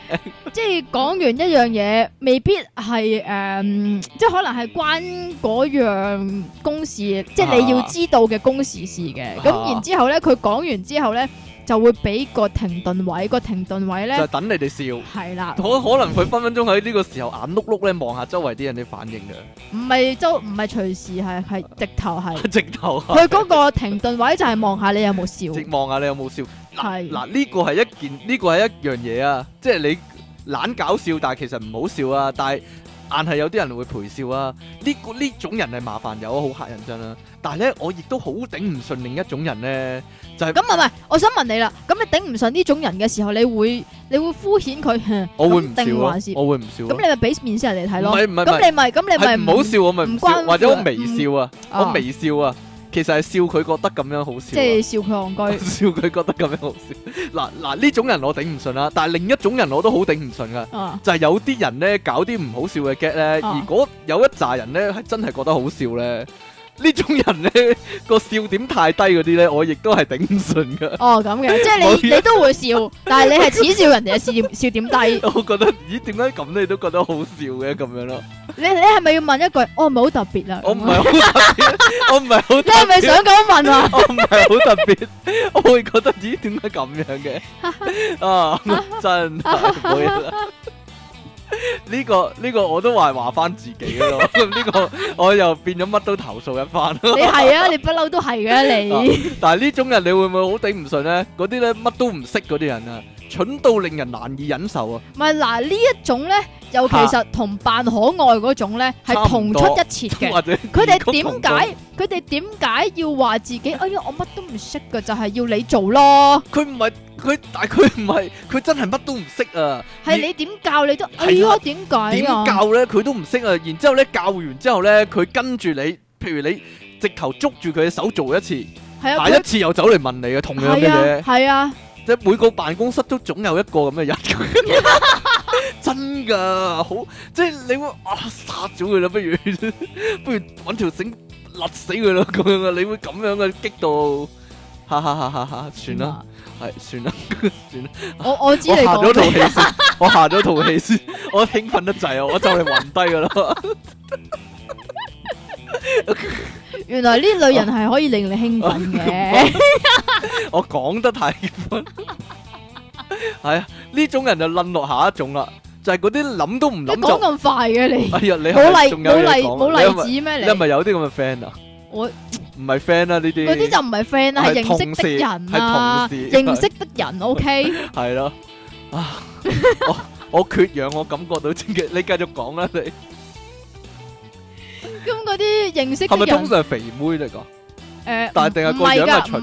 即係講完一樣嘢，未必係誒，即、嗯、係可能係關嗰樣公事，即係你要知道嘅公事事嘅。咁然之後咧，佢講完之後咧，就會俾個停頓位，個停頓位咧就等你哋笑。係啦，可可能佢分分鐘喺呢個時候眼碌碌咧望下周圍啲人啲反應嘅。唔係周，唔係隨時係係 直頭係直頭。佢嗰 個停頓位就係望下你有冇笑。直望下你有冇笑。係嗱呢個係一件呢個係一樣嘢啊！即係你。懶搞笑，但係其實唔好笑啊！但係硬係有啲人會陪笑啊！呢個呢種人係麻煩友，好嚇人真啦！但係咧，我亦都好頂唔順另一種人咧，就係咁唔係。我想問你啦，咁你頂唔順呢種人嘅時候，你會你會敷衍佢？我會唔笑？定還是我會唔笑？咁你咪俾面色人哋睇咯。唔係唔係，咁你咪咁你咪唔好笑我咪唔笑，或者我微笑啊，我微笑啊。其實係笑佢覺得咁樣好笑，即係笑佢憨居，笑佢 覺得咁樣好笑。， 嗱嗱呢種人我頂唔順啦，但係另一種人我都好頂唔順噶，啊、就係有啲人咧搞啲唔好笑嘅 gag 咧，如果、啊、有一扎人咧係真係覺得好笑咧。呢種人咧個笑點太低嗰啲咧，我亦都係頂唔順噶。哦，咁嘅，即係你你都會笑，但係你係恥笑人哋嘅笑點笑點低。我覺得咦，點解咁你都覺得好笑嘅咁樣咯？你你係咪要問一句？我唔係好特別啊。我唔係好特別，我唔係好。你係咪想咁問啊？我唔係好特別，我會覺得咦，點解咁樣嘅？啊，真係會啦。呢、這個呢、這個我都話話翻自己咯，呢 個我又變咗乜都投訴一番。你係啊， 啊，你不嬲都係嘅你。 但係呢種人你會唔會好頂唔順咧？嗰啲咧乜都唔識嗰啲人啊！蠢到令人難以忍受啊！唔係嗱，呢一種咧，尤其同扮可愛嗰種咧，係同出一轍嘅。佢哋點解？佢哋點解要話自己？哎呀，我乜都唔識㗎，就係要你做咯。佢唔係佢，但係佢唔係，佢真係乜都唔識啊！係你點教，你都哎呀，點解啊？點教咧，佢都唔識啊！然之後咧，教完之後咧，佢跟住你，譬如你直頭捉住佢嘅手做一次，第一次又走嚟問你啊。同樣嘅嘢。係啊。即係每個辦公室都總有一個咁嘅人，真噶，好，即係你會啊殺咗佢啦，不如 不如搵條繩勒死佢咯，咁樣啊，你會咁樣嘅激到，哈哈哈！哈哈，算啦，係、嗯啊、算啦，算啦，我知我知你咗套戲，我行咗套戲先，我興奮得滯啊，我就嚟暈低噶啦。原來呢類人係可以令你興奮嘅，我講得太興奮，係啊，呢種人就論落下一種啦，就係嗰啲諗都唔諗，講咁快嘅你，哎呀，你冇例冇例冇例子咩？你係咪有啲咁嘅 friend 啊？我唔係 friend 啊，呢啲嗰啲就唔係 friend 啊，係認識的人啊，係同事，認識的人，OK，係咯，啊，我我缺氧，我感覺到真嘅，你繼續講啦，你。咁嗰啲認識嘅人，係咪通常係肥妹嚟㗎？誒，但係定係個樣係蠢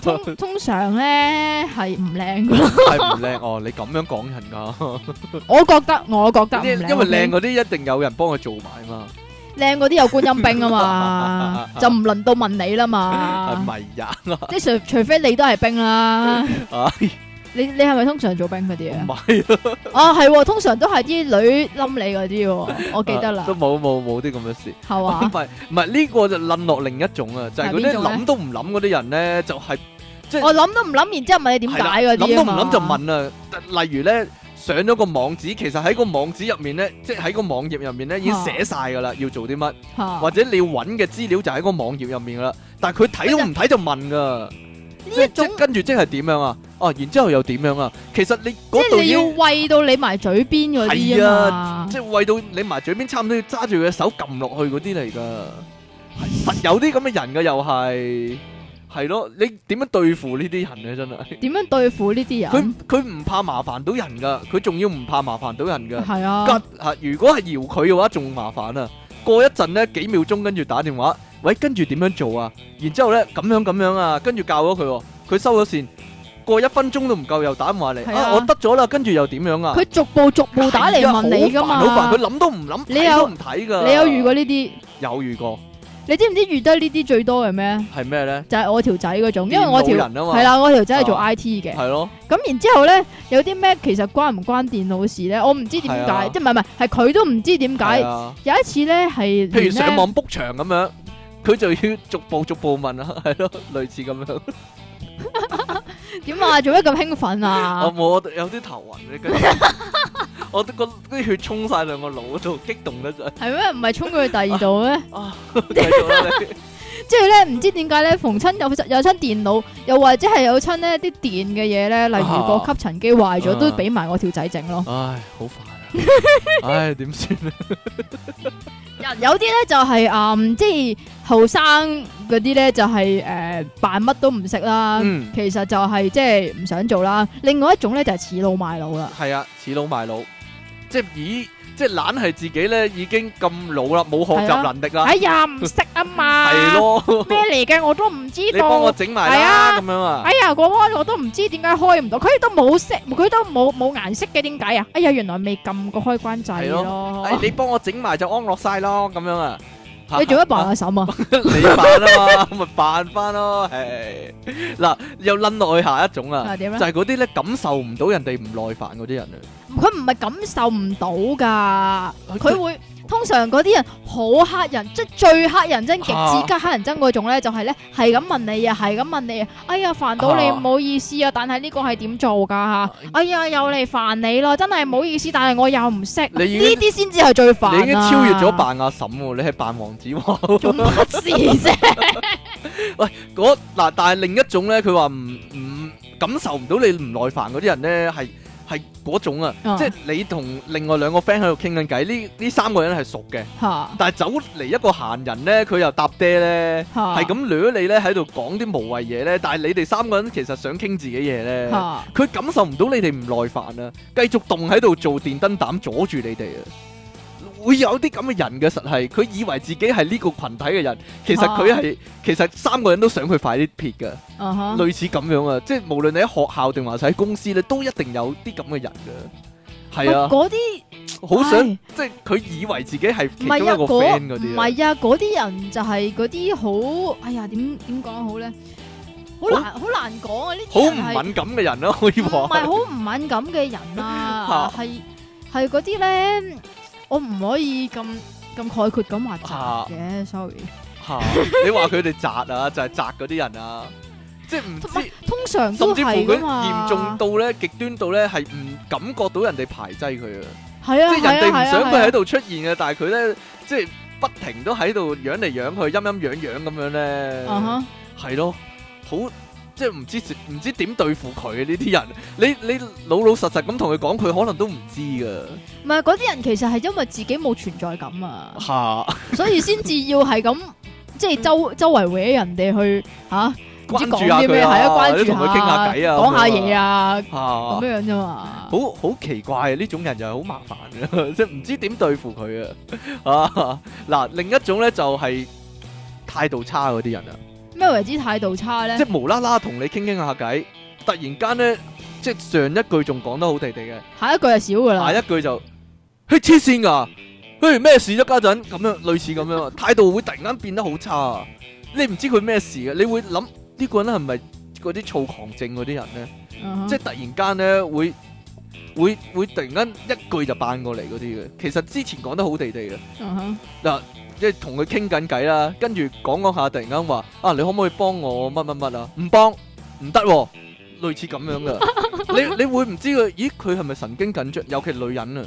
啲。通常咧係唔靚㗎，係唔靚哦！你咁樣講人㗎，我覺得我覺得，因為靚嗰啲一定有人幫佢做埋嘛，靚嗰啲有觀音兵啊嘛，就唔輪到問你啦嘛，係咪呀？即係除除非你都係兵啦。你你係咪通常做兵嗰啲啊？唔係咯，啊係通常都係啲女冧你嗰啲，我記得啦。都冇冇冇啲咁嘅事。係哇？唔係唔係呢個就冧落另一種啊，就係嗰啲諗都唔諗嗰啲人咧，就係即係我諗都唔諗，然之後問你點解嘅？諗都唔諗就問啦。例如咧，上咗個網址，其實喺個網址入面咧，即係喺個網頁入面咧已經寫晒噶啦，要做啲乜，或者你要搵嘅資料就喺個網頁入面噶啦，但係佢睇都唔睇就問噶。即即這跟住即係點樣啊？哦、啊，然後之後又點樣啊？其實你嗰度要喂到你埋嘴邊嗰啲啊嘛，即係喂到你埋嘴邊，差唔多要揸住佢手撳落去嗰啲嚟噶， 實有啲咁嘅人噶，又係，係咯？你點樣對付呢啲人啊？真係點樣對付呢啲人？佢佢唔怕麻煩到人噶，佢仲要唔怕麻煩到人噶。係啊，啊，如果係搖佢嘅話，仲麻煩啊。過一陣咧，幾秒鐘跟住打電話。喂，跟住點樣做啊？然之後咧，咁樣咁樣啊，跟住教咗佢，佢收咗線，過一分鐘都唔夠，又打埋嚟啊！我得咗啦，跟住又點樣啊？佢逐步逐步打嚟問你噶嘛？老闆，佢諗都唔諗，睇都唔睇噶。你有遇過呢啲？有遇過。你知唔知遇得呢啲最多係咩？係咩咧？就係我條仔嗰種，因為我條係啦，我條仔係做 IT 嘅。係咯。咁然之後咧，有啲咩其實關唔關電腦事咧？我唔知點解，即係唔係唔係，係佢都唔知點解。有一次咧，係譬如上網 book 場咁樣。佢就要逐步逐步問啊，係咯，類似咁樣。點啊？做咩咁興奮啊？我冇，有啲頭暈。跟住，我都覺得啲血衝曬兩個腦度，激動得滯。係咩？唔係衝過去第二度咩？啊！第二度啦你。即係咧，唔知點解咧，逢親有有親電腦，又或者係有親呢啲電嘅嘢咧，例如個吸塵機壞咗，都俾埋我條仔整咯。唉，好煩。唉，點算咧？有有啲咧就係、是、啊，即係後生嗰啲咧就係、是、誒，扮乜、就是呃、都唔識啦。嗯、其實就係即係唔想做啦。另外一種咧就係恃老賣老啦。係啊，恃老賣老，即係以。即係懶係自己咧，已經咁老啦，冇學習能力啦。哎呀，唔識啊嘛。係咯，咩嚟嘅我都唔知道。你幫我整埋啦，咁樣啊。哎呀，個關我都唔知點解開唔到，佢都冇識，佢都冇冇顏色嘅點解啊？哎呀，原來未撳過開關掣咯。係咯，你幫我整埋就安樂晒咯，咁樣啊。你做一白阿嬸啊？你扮啊嘛，咁咪扮翻咯。係嗱，又捻落去下一種啊，點樣？就係嗰啲咧感受唔到人哋唔耐煩嗰啲人啊。佢唔係感受唔到噶，佢會通常嗰啲人好黑人，即係最黑人憎、極致加黑人憎嗰種咧，就係咧係咁問你啊，係咁問你啊，哎呀，煩到你唔好意思啊，但係呢個係點做噶吓？哎呀又嚟煩你咯，真係唔好意思，但係我又唔識你呢啲先至係最煩。你已經超越咗扮阿嬸，你係扮王子。做乜事啫？喂，嗱，但係另一種咧，佢話唔唔感受唔到你唔耐煩嗰啲人咧，係。係嗰種啊，uh. 即係你同另外兩個 friend 喺度傾緊偈，呢呢三個人係熟嘅，uh. 但係走嚟一個閒人呢，佢又搭爹呢。係咁、uh. 捋你呢喺度講啲無謂嘢呢，但係你哋三個人其實想傾自己嘢呢，佢、uh. 感受唔到你哋唔耐煩啊，繼續動喺度做電燈膽阻住你哋啊！會有啲咁嘅人嘅，實係，佢以為自己係呢個群體嘅人，其實佢係其實三個人都想佢快啲撇嘅，類似咁樣啊。即係無論你喺學校定話喺公司咧，都一定有啲咁嘅人嘅，係啊。嗰啲好想即係佢以為自己係其中一個 friend 嗰啲，唔係啊。嗰啲人就係嗰啲好，哎呀，點點講好咧？好難好難講啊！呢啲好唔敏感嘅人咯，可以話唔係好唔敏感嘅人啊，係係嗰啲咧。我唔可以咁咁概括咁話宅嘅，sorry。嚇、啊，你話佢哋宅啊， 就係宅嗰啲人啊，即係唔知通常都係啊嘛。甚至乎嚴重到咧，啊、極端到咧，係唔感覺到人哋排擠佢啊。係啊，啊即係人哋唔想佢喺度出現嘅，但係佢咧即係不停都喺度養嚟養去，陰陰養養咁樣咧。啊係咯，好。即係唔知唔知點對付佢呢啲人，你你老老實實咁同佢講，佢可能都唔知噶。唔係嗰啲人其實係因為自己冇存在感啊， 所以先至要係咁即係周周圍搲人哋去吓，唔、啊、知講啲咩，係啊，啊，關注同佢傾下偈啊，講下嘢啊，咁、啊啊、樣啫嘛、啊。 好好奇怪啊，呢種人就係好麻煩嘅、啊，即係唔知點對付佢啊。 啊，嗱，另一種咧就係態度差嗰啲人啊。咩為之態度差咧？即係無啦啦同你傾傾下偈，突然間咧，即係上一句仲講得好地地嘅，下一句就少噶啦。下一句就，嘿黐線噶，譬如咩、啊、事一家陣咁樣，類似咁樣，態 度會突然間變得好差，你唔知佢咩事嘅，你會諗呢、呢個人係咪嗰啲躁狂症嗰啲人咧？Uh huh. 即係突然間咧會會會突然間一句就扮過嚟嗰啲嘅，其實之前講得好地地嘅。嗱、uh。Huh. 即係同佢傾緊偈啦，跟住講講下，突然間話啊，你可唔可以幫我乜乜乜啊？唔幫唔得，類似咁樣噶。 你你會唔知佢？咦，佢係咪神經緊張？尤其女人啊，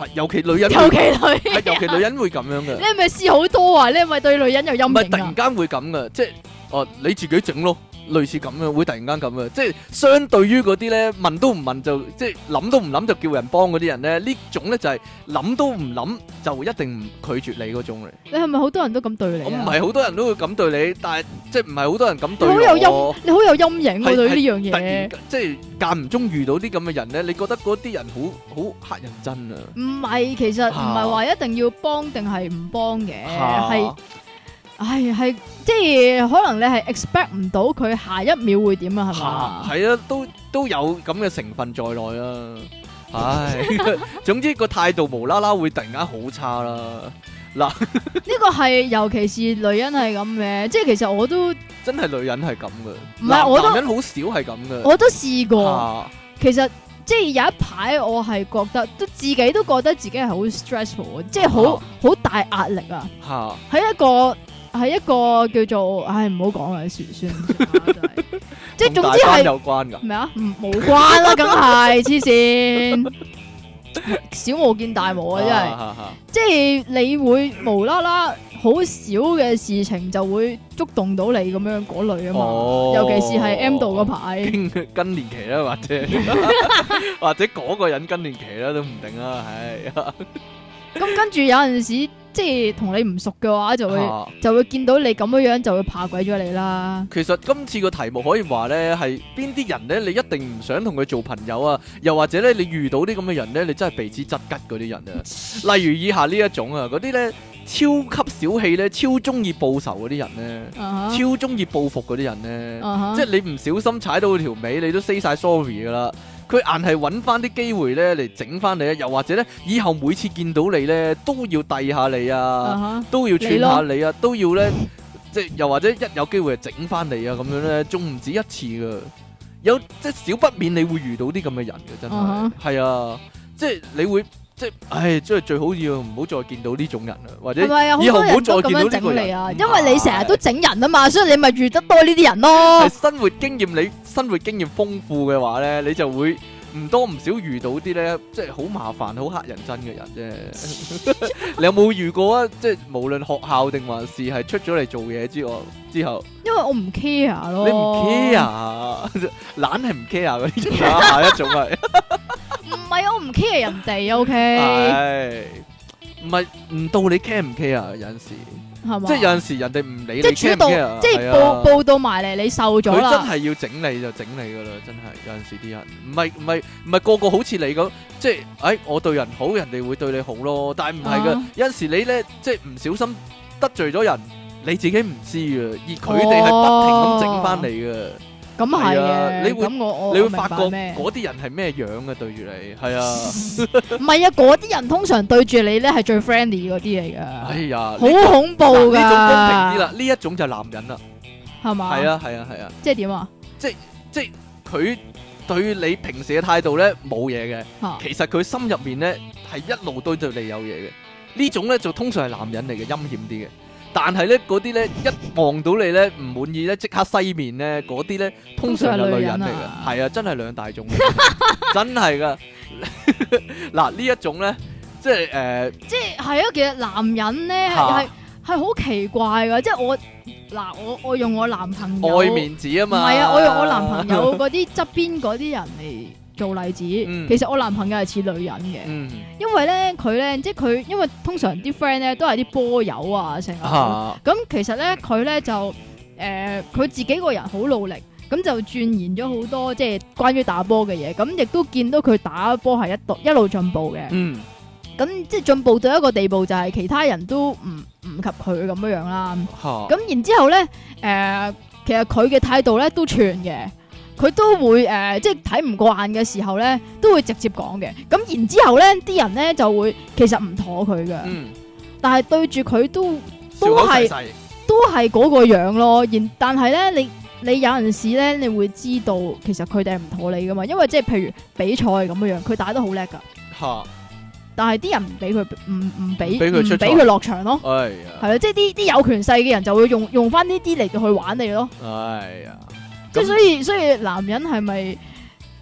係尤其女人，尤其女，係尤其女人，其女人會咁樣噶。 你係咪試好多啊？你係咪對女人有陰影啊？唔係突然間會咁噶，即係哦、啊，你自己整咯。類似咁啊，會突然間咁啊，即係相對於嗰啲咧，問都唔問就即係諗都唔諗就叫人幫嗰啲人咧，種呢種咧就係、是、諗都唔諗就一定唔拒絕你嗰種嚟。你係咪好多人都咁對你、啊？唔係好多人都會咁對你，但係即係唔係好多人咁對我。你好有陰，你好有陰影我對呢樣嘢。突然即係間唔中遇到啲咁嘅人咧，你覺得嗰啲人好好乞人憎啊？唔係，其實唔係話一定要幫定係唔幫嘅，係、啊。是啊唉，係即係可能你係 expect 唔到佢下一秒會點啊，係嘛？係啊，都都有咁嘅成分在內啊。唉，總之個態度無啦啦會突然間好差啦。嗱，呢個係尤其是女人係咁嘅，即係其實我都真係女人係咁嘅，唔係我都男人好少係咁嘅。我都試過，其實即係有一排我係覺得都自己都覺得自己係好 stressful，即係好好大壓力啊。吓，喺一個。係一個叫做，唉，唔好講啦，算唔算？即係總之係，咩啊？唔無關啦，梗係黐線，小巫見大巫啊，真係！即係你會無啦啦，好少嘅事情就會觸動到你咁樣嗰類啊嘛，尤其是係 M 度嗰排更年期啦，或者或者嗰個人更年期啦都唔定啊，唉。咁跟住有陣時。即係同你唔熟嘅話，就會、啊、就會見到你咁樣樣，就會怕鬼咗你啦。其實今次個題目可以話呢係邊啲人呢？你一定唔想同佢做朋友啊？又或者呢，你遇到啲咁嘅人呢，你真係避之則吉嗰啲人啊？ 例如以下呢一種啊，嗰啲呢，超級小氣呢，超中意報仇嗰啲人呢，uh huh. 超中意報復嗰啲人呢，uh huh. 即係你唔小心踩到佢條尾，你都 say 晒 sorry 噶啦。佢硬係揾翻啲機會咧嚟整翻你啊，又或者咧，以後每次見到你咧都要遞下你啊 uh huh. 下你啊，都要串下你啊，都要咧，即係又或者一有機會整翻你啊咁樣咧，仲唔止一次㗎，有即係少不免你會遇到啲咁嘅人嘅，真係係、uh huh. 啊，即係你會。即係，唉，即係最好要唔好再見到呢種人啦，或者以後唔好再見到你啊，是是因為你成日都整人啊嘛，哎、所以你咪遇得多呢啲人咯。係生活經驗，你生活經驗豐富嘅話咧，你就會唔多唔少遇到啲咧，即係好麻煩、好黑人憎嘅人啫。 你有冇遇過啊？即係無論學校定還是係出咗嚟做嘢之後，因為我唔 care 咯，你唔 care，懶係唔 care 嗰啲，下一種啊。 唔 care 人哋 ，OK，唔係唔到你 care 唔 care 啊？吧有陣時，係嘛？即係有陣時，人哋唔理你 care 即係 or care, 報、啊、報到埋嚟，你瘦咗，佢真係要整你就整你噶啦，真係有陣時啲人唔係唔係唔係個個好似你咁，即係，哎，我對人好，人哋會對你好咯，但係唔係噶，啊、有陣時你咧即係唔小心得罪咗人，你自己唔知啊，而佢哋係不停咁整翻你噶。哦。咁係啊！咁我你會發覺嗰啲人係咩樣嘅？對住你，係 啊，唔係啊？嗰啲人通常對住你咧係最 friendly 嗰啲嚟嘅。哎呀，好恐怖噶！呢種公平啲啦，呢一種就係男人啦，係嘛吧？係啊係啊係啊！即係點啊？即即佢對你平時嘅態度咧冇嘢嘅，啊、其實佢心入面咧係一路對住你有嘢嘅，種呢種咧就通常係男人嚟嘅陰險啲嘅。但係咧，嗰啲咧一望到你咧唔滿意咧，即刻西面咧，嗰啲咧通常係女人嚟嘅，係啊，真係兩大種，真係㗎。嗱呢一種咧，即係誒，即係係啊，其實男人咧係係好奇怪㗎，即係我嗱我我用我男朋友愛面子啊嘛，係啊，我用我男朋友嗰啲側邊嗰啲人嚟做例子，嗯、其實我男朋友係似女人嘅，嗯、因為呢，佢呢，即係佢，因為通常啲 friend 呢都係啲波友啊成日咁，啊、其實呢，佢呢就誒佢、呃、自己個人好努力，咁就鑽研咗好多即係關於打波嘅嘢，咁亦都見到佢打波係一度一路進步嘅，咁、嗯、即係進步到一個地步就係其他人都唔唔及佢咁樣啦，咁、啊啊、然之後呢誒、呃、其實佢嘅態度呢都串嘅。佢都會誒、呃，即係睇唔慣嘅時候咧，都會直接講嘅。咁然之後咧，啲人咧就會其實唔妥佢嘅。嗯。但係對住佢都都係都係嗰個樣咯。然，但係咧，你你有陣時咧，你會知道其實佢哋係唔妥你㗎嘛。因為即係譬如比賽咁嘅樣，佢打得好叻㗎。嚇哈！但係啲人唔俾佢唔唔俾俾佢落場咯。係啊、哎呀。係啊，即係啲啲有權勢嘅人就會用用返呢啲嚟到去玩你咯。係啊、哎呀。哎即係所以，所以男人係咪？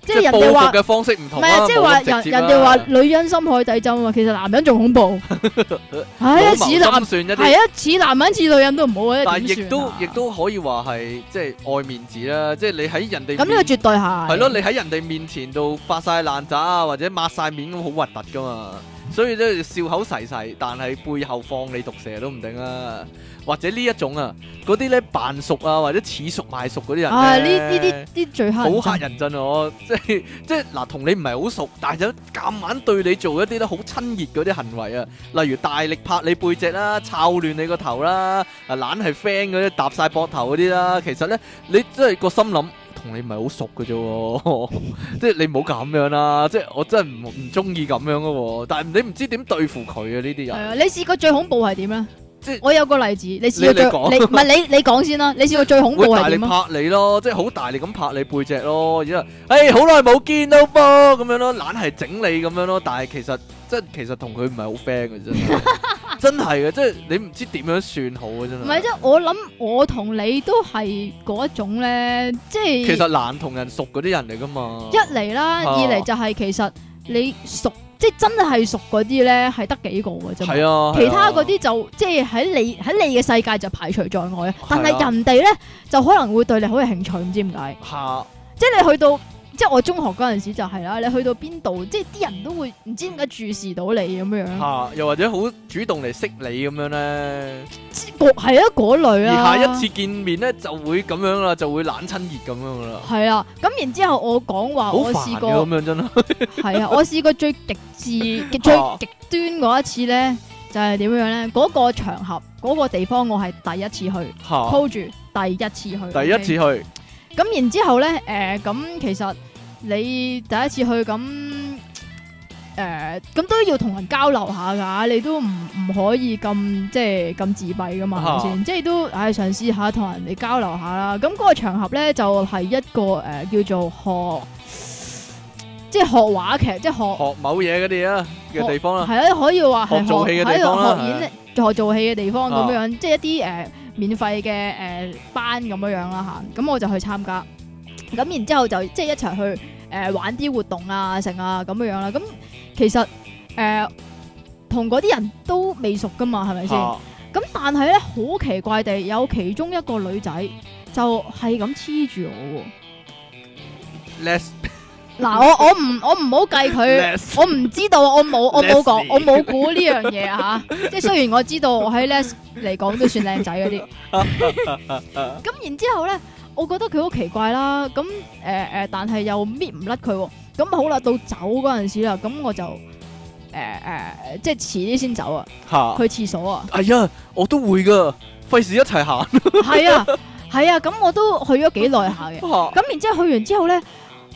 即係報復嘅方式唔同。唔係啊，即係話人、啊、人哋話女人心海底針啊，其實男人仲恐怖。係啊、 哎，似男啊，似、哎、男人似女人都唔好啊。但亦都、啊、亦都可以話係即係愛面子啦、啊。即係你喺人哋面前咁呢個絕對係係咯。你喺人哋面前度發晒爛渣啊，或者抹晒面咁好核突噶嘛。所以咧笑口噬噬，但係背後放你毒蛇都唔定啊。或者呢一種啊，嗰啲咧扮熟啊，或者似熟賣熟嗰啲人，啊呢呢啲啲最好嚇人真我即係即係嗱，同 你唔係好熟，但係就咁猛對你做一啲咧好親熱嗰啲行為啊，例如大力拍你背脊啦、啊，摷亂你個頭啦、啊，懶啊懶係 friend 嗰啲，搭晒膊頭嗰啲啦，其實咧你真係個心諗同你唔係好熟嘅啫喎，即 係 你唔好咁樣啦、啊，即係我真係唔唔中意咁樣咯、啊，但係你唔知點對付佢啊呢啲人。係啊，你試過最恐怖係點啊？即我有個例子，你試過最唔係你說你講先啦，你試過最恐怖係乜？大力拍你咯，即係好大力咁拍你背脊咯，然之後，哎，好耐冇見到噃，咁樣咯，懶係整你咁樣咯，但係其實即係其實同佢唔係好 friend 嘅真，真係嘅， 即係你唔知點樣算好嘅真係。唔係即係我諗，我同你都係嗰一種咧，即係其實懶同人熟嗰啲人嚟噶嘛。一嚟啦，啊、二嚟就係其實你熟。即係真係熟嗰啲咧，係得幾個嘅啫。係啊，其他嗰啲就、啊、即係喺你喺你嘅世界就排除在外。啊、但係人哋咧就可能會對你好有興趣，唔知點解，係吓，即係你去到。即係我中學嗰陣時就係啦，你去到邊度，即係啲人都會唔知點解注視到你咁樣吓、啊，又或者好主動嚟識你咁樣咧？係啊，嗰類啊。而下一次見面咧，就會咁樣啦，就會冷親熱咁樣噶啦。係啊，咁然之後我講話我試過咁樣真咯。係 啊，我試過最極致、 最極端嗰一次咧，就係、是、點樣咧？嗰、那個場合、嗰、那個地方，我係第一次去，hold 住第一次去，啊、第一次去。Okay? 咁然之後咧，誒、呃，咁其實你第一次去咁，誒、呃，咁都要同人交流下噶，你都唔唔可以咁即係咁自閉噶嘛，係咪先？啊、即係都，唉、哎，嘗試下同人哋交流下啦。咁嗰個場合咧就係、是、一個誒、呃，叫做學，即係學話劇，即係學學某嘢嗰啲啊，嘅地方啦。係啊，可以話係學做戲嘅在做戲嘅地方咁、oh. 呃呃、樣，即係一啲誒免費嘅誒班咁樣樣啦嚇，咁我就去參加。咁然之後就即係一齊去誒、呃、玩啲活動啊、成啊咁樣啦。咁、嗯、其實誒同嗰啲人都未熟㗎嘛，係咪先？咁、oh. 但係咧好奇怪地，有其中一個女仔就係咁黐住我喎。嗱，我我唔我唔好計佢，我唔 Less. 知道，我冇我冇講，我冇估呢樣嘢吓，即係雖然我知道我喺 less 嚟講都算靚仔嗰啲，咁 然之後咧，我覺得佢好奇怪啦，咁誒誒，但係又搣唔甩佢，咁、嗯、好啦，到走嗰陣時啦，咁我就誒誒、嗯嗯，即係遲啲先走啊， 去廁所啊，係啊、哎，我都會噶，費事一齊行，係啊係啊，咁、啊嗯、我都去咗幾耐下嘅，咁 然之後去完之後咧。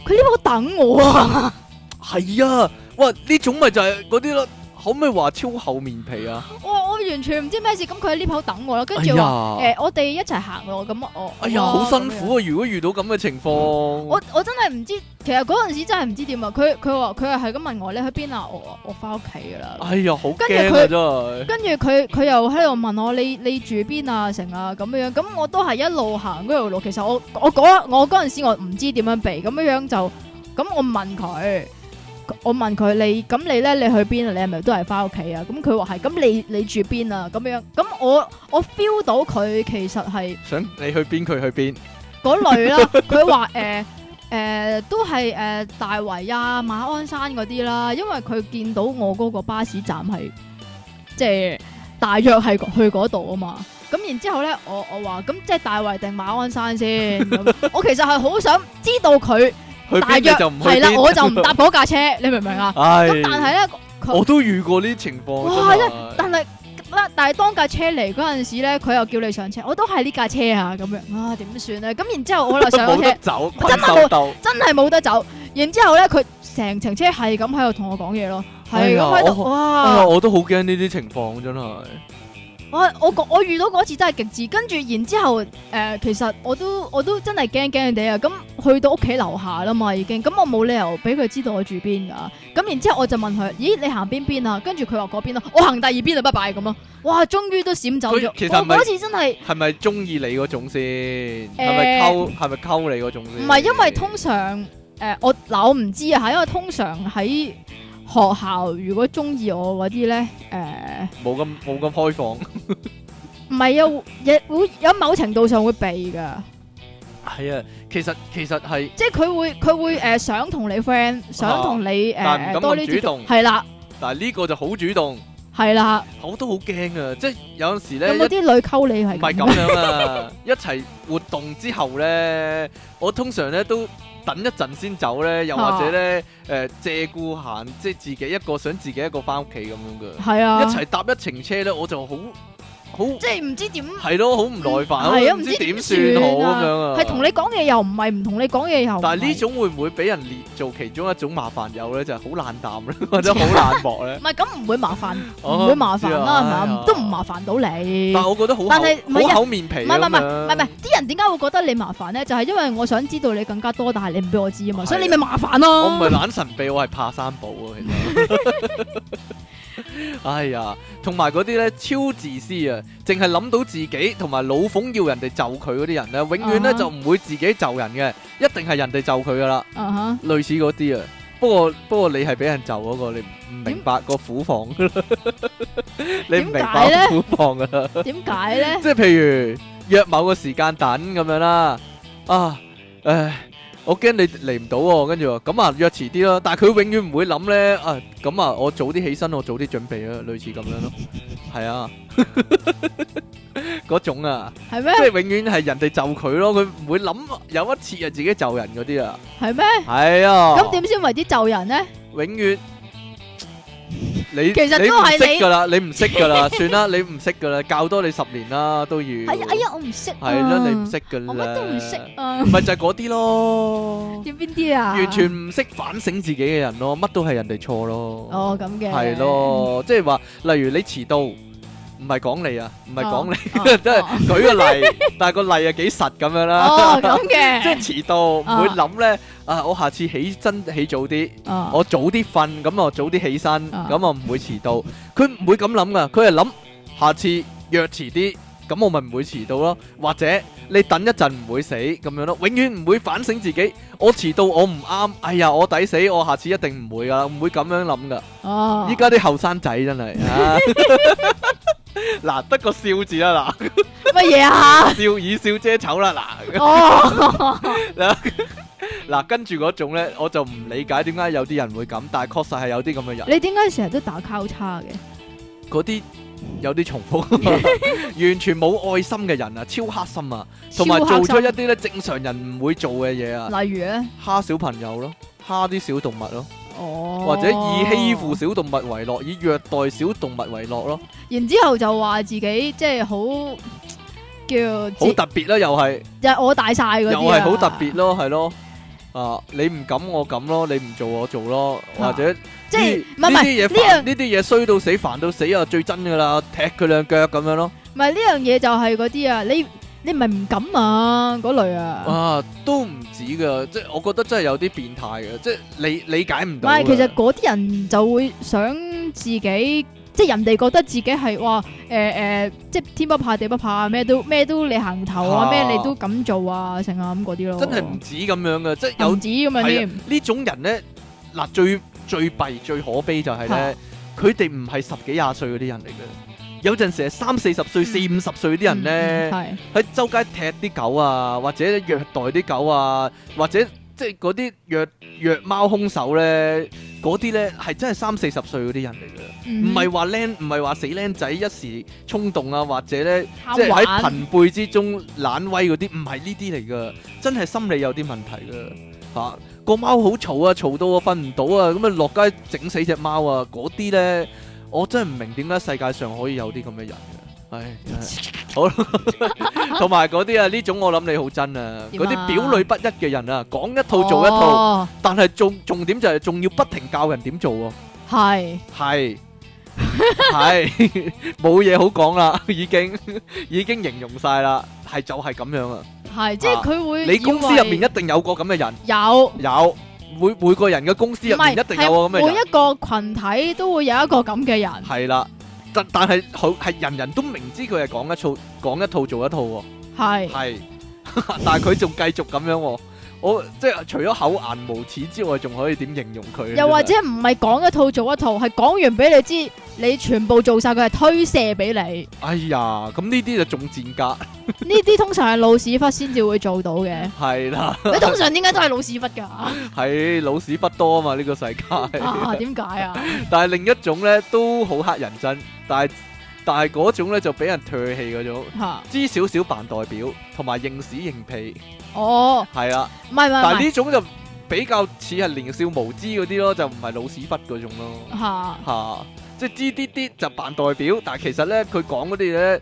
佢呢個等我啊！係 啊，哇！呢種咪就係嗰啲咯。可唔可以話超厚面皮啊？我我完全唔知咩事，咁佢喺呢口等我咯，跟住話誒，我哋一齊行咯，咁我哎呀，好、欸哎、辛苦啊！如果遇到咁嘅情況，嗯，我我真係唔知，其實嗰陣時真係唔知點啊！佢佢話佢係咁問我你喺邊啊，我我翻屋企啦。哎呀，好驚啊！真係。跟住佢佢又喺度問我你你住邊啊？成啊咁樣，咁我都係一路行嗰條路。其實我我我嗰陣時我唔知點樣避，咁樣樣就咁我問佢。我問佢你咁你咧，你去邊啊？你係咪都係翻屋企啊？咁佢話係，咁你你住邊啊？咁樣，咁我我 feel 到佢其實係想你去邊佢去邊嗰類啦。佢話誒誒都係誒、呃、大圍啊、馬鞍山嗰啲啦，因為佢見到我嗰個巴士站係即係大約係去嗰度啊嘛。咁然之後咧，我我話咁即係大圍定馬鞍山先。 咁我其實係好想知道佢。大約就唔係啦，我就唔搭嗰架車，你明唔明啊？咁但係咧，我都遇過呢啲情況。哇！但係，但係當架車嚟嗰陣時咧，佢又叫你上車，我都係呢架車啊，咁樣啊點算咧？咁然之後我就上咗車，真係冇得走。然之後咧，佢成程車係咁喺度同我講嘢咯，係咁喺度哇！我都好驚呢啲情況，真係。我我遇到嗰次真係極致，跟住然之後誒、呃，其實我都我都真係驚驚地啊！咁去到屋企樓下啦嘛，已經，咁我冇理由俾佢知道我住邊噶。咁然之後我就問佢，咦，你行邊邊啊？跟住佢話嗰邊咯，我行第二邊啦，拜拜咁咯。哇，終於都閃走咗。其實我嗰次真係，係咪中意你嗰種先？係咪溝係咪溝你嗰種先？唔係、嗯呃，因為通常，誒，我我唔知啊，係因為通常喺。學校如果中意我嗰啲咧，誒冇咁冇咁開放，唔係啊，有會有某程度上會避㗎。係啊，其實其實係即係佢會佢會誒想同你 friend，想同你誒多啲主動係啦。但呢個就好主動係啦，我都好驚啊！即係有時咧，有冇啲女溝你係唔係咁樣啊？一齊活動之後咧，我通常咧都。等一陣先走咧，又或者咧，誒、啊呃、借故行，即係自己一個想自己一個翻屋企咁樣嘅。係啊，一齊搭一程車咧，我就好。好，即係唔知點係咯，好唔耐煩，係啊，唔知點算好咁樣啊，係同你講嘢又唔係，唔同你講嘢又。但係呢種會唔會俾人列做其中一種麻煩友咧？就係好冷淡咧，或者好冷漠咧？唔係，咁唔會麻煩，唔會麻煩啦，係嘛，都唔麻煩到你。但係我覺得好厚口面皮啊！唔係唔係唔係唔係，啲人點解會覺得你麻煩咧？就係因為我想知道你更加多，但係你唔俾我知啊嘛，所以你咪麻煩咯。我唔係懶神秘，我係怕三寶啊，其實。哎呀，同埋嗰啲咧超自私啊，淨係諗到自己，同埋老奉要人哋就佢嗰啲人咧，永遠咧、uh huh. 就唔會自己就人嘅，一定係人哋就佢噶啦。啊、uh huh. 類似嗰啲啊。不過不過你係俾人就嗰個，你唔明白個苦況， 你唔明白苦況噶啦。點解咧？即係譬如約某個時間等咁樣啦。啊，唉。我驚你嚟唔到喎，跟住話咁啊約遲啲咯，但係佢永遠唔會諗咧啊，咁啊我早啲起身，我早啲準備咯，類似咁樣咯，係啊，嗰、啊、 種啊，係咩嗎？即係永遠係人哋就佢咯，佢唔會諗有一次啊自己就人嗰啲啊，係咩嗎？係啊，咁點先為之就人咧？永遠。 你其實都係你噶啦， 你唔識噶啦， 算啦，你唔識噶啦， 教多你十年啦都要。係啊、哎，哎呀，我唔識、啊。係啦，你唔識噶啦。乜都唔識啊。咪 就係嗰啲咯。要邊啲啊？完全唔識反省自己嘅人咯，乜都係人哋錯咯。哦，咁嘅。係咯，即係話，例如你遲到。唔係講你啊，唔係講你，都係舉個例，但係個例啊幾實咁樣啦。哦，咁嘅，即係遲到唔會諗咧。啊，我下次起真起早啲，我早啲瞓，咁我早啲起身，咁我唔會遲到。佢唔會咁諗噶，佢係諗下次約遲啲，咁我咪唔會遲到咯。或者你等一陣唔會死咁樣咯，永遠唔會反省自己。我遲到我唔啱，哎呀我抵死，我下次一定唔會噶，唔會咁樣諗噶。哦，依家啲後生仔真係。嗱，得個笑字啦，嗱，乜嘢啊？ 笑以笑姐、丑啦，嗱，嗱、oh. 跟住嗰種咧，我就唔理解點解有啲人會咁，但係確實係有啲咁嘅人。你點解成日都打交叉嘅？嗰啲有啲重複、啊， 完全冇愛心嘅人啊，超黑心啊，同埋做咗一啲咧正常人唔會做嘅嘢啊，例如咧，蝦小朋友咯，蝦啲小動物咯。或者以欺負小動物為樂，以虐待小動物為樂咯。然之後就話自己即係好叫好特別咯，又係又我大晒嗰啲啊，又係好特別咯，係咯。啊，你唔敢我敢咯，你唔做我做咯，或者即係唔係呢啲嘢煩，呢啲嘢衰到死，煩到死啊，最真噶啦，踢佢兩腳咁樣咯。唔係呢樣嘢就係嗰啲啊，你。你係咪唔敢啊？嗰類啊，啊都唔止噶即係我覺得真係有啲變態嘅，即係你理解唔到。唔係，其實嗰啲人就會想自己，即係人哋覺得自己係哇，誒、呃、誒、呃，即係天不怕地不怕咩都咩都你行頭啊，咩你都敢做啊，成啊咁嗰啲咯。真係唔止咁樣噶即係唔止咁樣添。呢種人咧，嗱最最弊最可悲就係、是、咧，佢哋唔係十幾廿歲嗰啲人嚟嘅。有陣時係三四十歲、嗯、四五十歲啲人咧，喺、嗯嗯、周街踢啲狗啊，或者虐待啲狗啊，或者即係嗰啲虐虐貓兇手咧，嗰啲咧係真係三四十歲嗰啲人嚟嘅，唔係話僆，唔係話死僆仔一時衝動啊，或者咧玩即係喺朋輩之中懶威嗰啲，唔係呢啲嚟嘅，真係心理有啲問題嘅嚇。個、啊、貓好嘈啊，嘈到我瞓唔到啊，咁啊落街整死隻貓啊，嗰啲咧。我真係唔明點解世界上可以有啲咁嘅人嘅，係真係好同埋嗰啲啊呢種我諗你好真啊，嗰啲表裏不一嘅人啊，講一套做一套，但係重重點就係仲要不停教人點做喎，係係係冇嘢好講啦，已經已經形容晒啦，係就係咁樣啦，係即係佢會你公司入面一定有個咁嘅人，有有。每每個人嘅公司入面是一定有個咁嘅人，每一個群體都會有一個咁嘅人。係啦，但但係佢係人人都明知佢係講一套講一套做一套喎。係係，但係佢仲繼續咁樣，我即係除咗厚顏無恥之外，仲可以點形容佢？又或者唔係講一套做一套，係講完俾你知，你全部做晒，佢係推卸俾你。哎呀，咁呢啲就仲賤格。呢啲通常係老屎忽先至會做到嘅，係啦。你通常點解都係老屎忽噶係 老屎忽多啊嘛，呢、呢個世界。啊，點解啊？但係另一種咧都好乞人憎，但係但係嗰種咧就俾人唾棄嗰種。吓哈，知少少扮代表，同埋認屎認屁。哦，係啦， 唔係唔係，但係呢種就比較似係年少無知嗰啲咯，就唔係老屎忽嗰種咯。吓吓哈， 即係知啲啲就扮代表，但係其實咧佢講嗰啲咧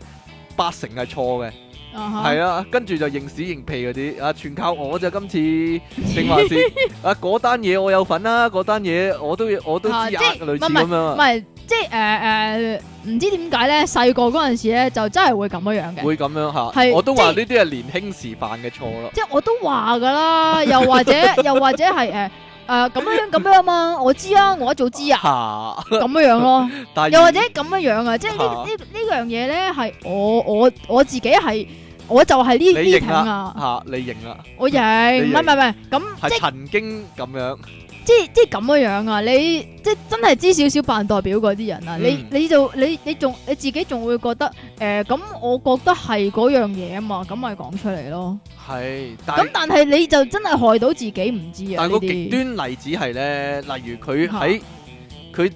八成係錯嘅。係啊，跟住就認屎認屁嗰啲啊，全靠我就今次正話先，啊，嗰單嘢我有份啦，嗰單嘢我都要，我都知啊，類似咁樣啊，唔係即係誒誒，唔知點解咧？細個嗰陣時咧，就真係會咁樣樣嘅，會咁樣吓，係我都話呢啲係年輕時犯嘅錯咯。即係我都話噶啦，又或者又或者係誒誒咁樣咁樣啊嘛，我知啊，我一早知啊，咁樣樣咯，又或者咁樣樣啊，即係呢呢呢樣嘢咧，係我我我自己係。我就係呢啲嘅啊，吓你認啦，我認，唔係唔係唔係，咁係曾經咁樣即，即即咁嘅樣啊，你即真係知少少扮代表嗰啲人啊，嗯、你你就你你仲你自己仲會覺得誒，咁、呃、我覺得係嗰樣嘢啊嘛，咁咪講出嚟咯，係，咁但係你就真係害到自己唔知啊，但個極端例子係咧，例如佢喺佢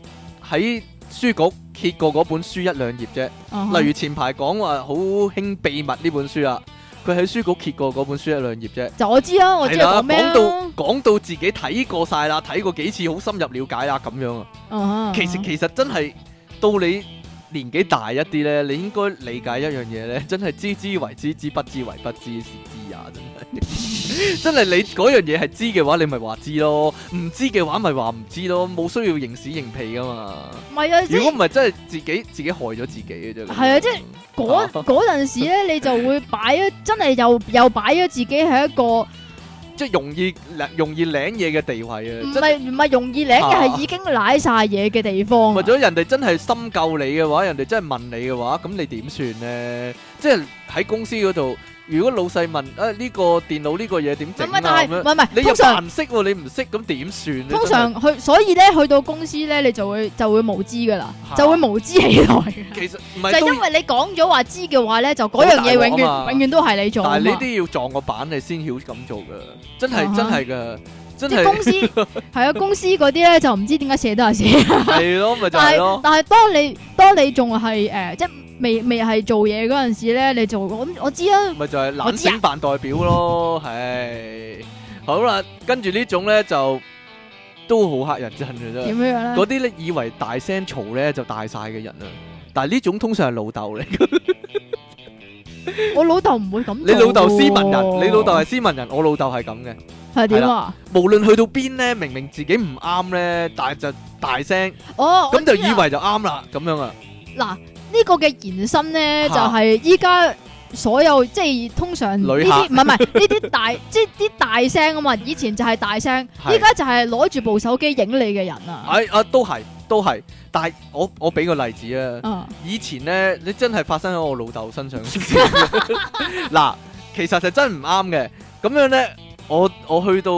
喺。嗯哼書局揭過嗰本書一兩頁啫，uh huh. 例如前排講話好興秘密呢本書啊，佢喺書局揭過嗰本書一兩頁啫。就我知啊，我知係啦、啊，講到講到自己睇過晒啦，睇過幾次，好深入了解啦，咁樣啊、uh huh.。其實其實真係到你年紀大一啲呢，你應該理解一樣嘢呢，真係知之為知之，不知為不知是知也。 真係你嗰樣嘢係知嘅話，你咪話知咯；唔知嘅話咪話唔知咯。冇需要認屎認屁噶嘛。唔係啊，如果唔係真係自己自己害咗自己嘅啫。係啊，即係嗰嗰陣時咧，你就會擺咗 真係又又擺咗自己喺一個 即係容，容易領容易領嘢嘅地位啊。唔係唔係容易領嘅係已經舐晒嘢嘅地方，啊。為咗人哋真係深究你嘅話，人哋真係問你嘅話，咁你點算呢？即係喺公司嗰度。如果老細問誒呢個電腦呢個嘢點整啊？唔係，唔係，你通常唔識喎？你唔識咁點算咧？通常去，所以咧去到公司咧，你就會就會無知噶啦，就會無知起來。其實唔係，就係因為你講咗話知嘅話咧，就嗰樣嘢永遠永遠都係你做。但係呢啲要撞個板你先曉咁做噶，真係真係噶，真係公司係啊公司嗰啲咧就唔知點解寫都係寫。係咯，咪就係咯。但係當你當你仲係誒即。未未係做嘢嗰陣時咧，你就我我知啊，咪就係冷醒扮代表咯，係好啦。跟住呢種咧就都好乞人憎嘅，真係。點樣咧？嗰啲咧以為大聲嘈咧就大晒嘅人啊！但係呢種通常係老豆嚟嘅。我老豆唔會咁。你老豆斯文人，你老豆係斯文人，我老豆係咁嘅。係點啊？無論去到邊咧，明明自己唔啱咧，但係就大聲哦，咁就以為就啱啦，咁樣啊？嗱。呢個嘅延伸呢，哈就係依家所有即係通常呢啲唔係唔係呢啲大 即係啲大聲啊嘛！以前就係大聲，依家 就係攞住部手機影你嘅人啊！係啊、哎，都係都係，但係我我俾個例子啊！啊以前呢，你真係發生喺我老豆身上嗱， 其實就真係唔啱嘅。咁樣呢，我我去到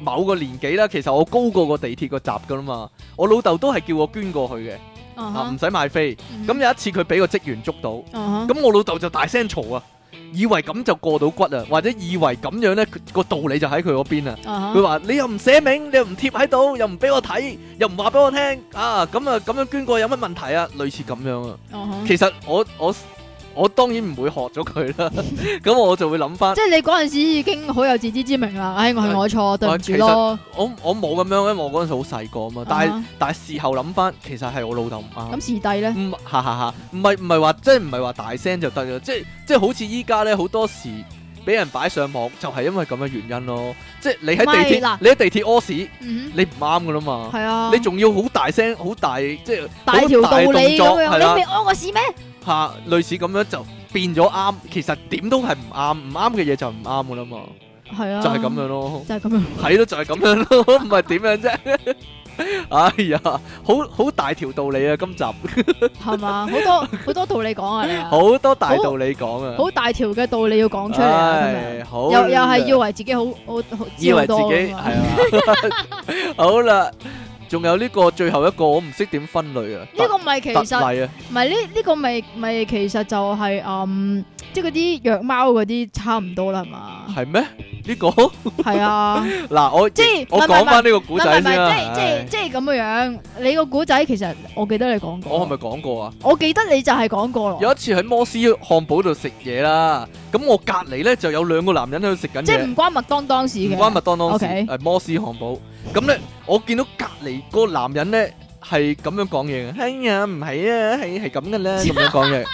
某個年紀啦，其實我高過地鐵個地鐵個閘噶啦嘛，我老豆都係叫我捐過去嘅。啊！唔使、uh huh. 買飛，咁有一次佢俾個職員捉到，咁、uh huh. 我老豆就大聲嘈啊，以為咁就過到骨啊，或者以為咁樣呢個道理就喺佢嗰邊啊。佢話、uh huh. 你又唔寫名，你又唔貼喺度，又唔俾我睇，又唔話俾我聽啊！咁啊咁樣捐過有乜問題啊？類似咁樣啊。Uh huh. 其實我我。我當然唔會學咗佢啦，咁我就會諗翻。即係你嗰陣時已經好有自知之明啦，唉，我係我錯，對唔住咯。我我冇咁樣，因為我嗰陣時好細個啊嘛。但係但係事後諗翻，其實係我老豆唔啱。咁事弟咧？唔哈哈哈，唔係唔係話即係唔係話大聲就得咯，即係即係好似依家咧好多時俾人擺上網，就係因為咁嘅原因咯。即係你喺地鐵，你喺地鐵屙屎，你唔啱噶啦嘛。係啊，你仲要好大聲，好大即係大條道理咁樣，你未屙過屎咩？怕類似咁樣就變咗啱，其實點都係唔啱，唔啱嘅嘢就唔啱噶啦嘛，係啊，就係咁樣咯，就係咁樣，係咯，就係咁樣咯，唔係點樣啫？哎呀，好好大條道理啊，今集係嘛？好多好多道理講啊，好多大道理講啊，好大條嘅道理要講出嚟，又又係要為自己好，我以為自己係啊，好啦。仲有呢個最後一個，我唔識點分類啊！呢個唔係其實，唔係呢呢個咪咪其實就係嗯，即係嗰啲養貓嗰啲差唔多啦，係嘛？係咩即？呢個係啊！嗱，我即係我講翻呢個古仔啦，即係即係即係咁嘅樣。你個古仔其實我記得你講過，我係咪講過啊？我記得你就係講過。有一次喺摩斯漢堡度食嘢啦，咁我隔離咧就有兩個男人喺度食緊嘢，即係唔關麥當當事嘅，唔關麥當當事，Okay 呃、係摩斯漢堡。咁咧，我見到隔離個男人咧係咁樣講嘢嘅，哎呀唔係啊，係係咁嘅啦，咁樣講嘢、啊，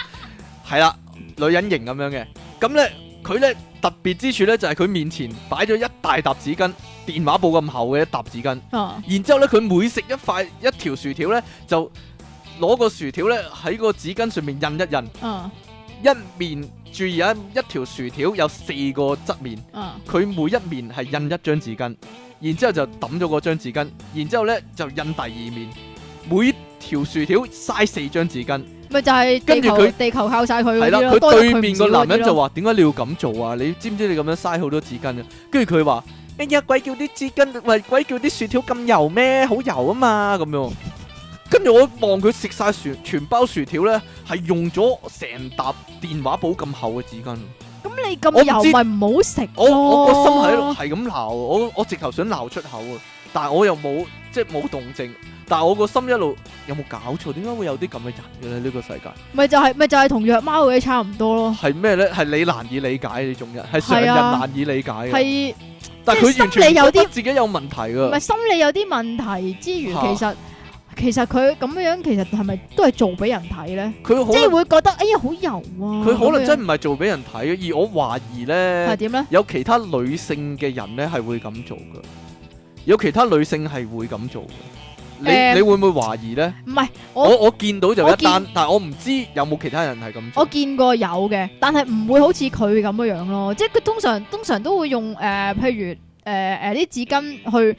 係啦， 女人型咁樣嘅。咁咧佢咧特別之處咧就係、係、佢面前擺咗一大沓紙巾，電話簿咁厚嘅一沓紙巾。啊、然之後咧，佢每食一塊一條薯條咧，就攞個薯條咧喺個紙巾上面印一印。啊、一面注意啊，一條薯條有四個側面。佢、啊、每一面係印一張紙巾。然之後就抌咗嗰張紙巾，然之後咧就印第二面，每條薯條嘥四張紙巾，咪就係跟住佢地球靠晒佢係啦。佢對面個男人就話：點解你要咁做啊？知你知唔知你咁樣嘥好多紙巾啊？跟住佢話：哎呀，鬼叫啲紙巾，唔係鬼叫啲薯條咁油咩？好油啊嘛咁樣。跟住我望佢食晒全全包薯條咧，係用咗成沓電話簿咁厚嘅紙巾。咁你咁又唔係唔好食咯？我我個心喺度係咁鬧，我直我，我直頭想鬧出口啊！但係我又冇，即係冇動靜，但係我個心一路，有冇搞錯？點解會有啲咁嘅人嘅咧？呢、這個世界咪就係、是、咪就係同藥貓嘅差唔多咯？係咩咧？係你難以理解呢種人，係成日難以理解嘅。係、啊，即係心理有啲自己有問題噶。唔係心理有啲問題之餘，其實、啊。其實佢咁樣樣，其實係咪都係做俾人睇咧？佢可即係會覺得哎呀好油啊！佢可能真係唔係做俾人睇，而我懷疑咧，係點咧，有其他女性嘅人咧係會咁做嘅。有其他女性係會咁做嘅。你、呃、你會唔會懷疑咧？唔係我我，我見到就一單，我見但係我唔知有冇其他人係咁。我見過有嘅，但係唔會好似佢咁樣樣咯。即係佢通常通常都會用誒、呃，譬如誒誒啲紙巾去。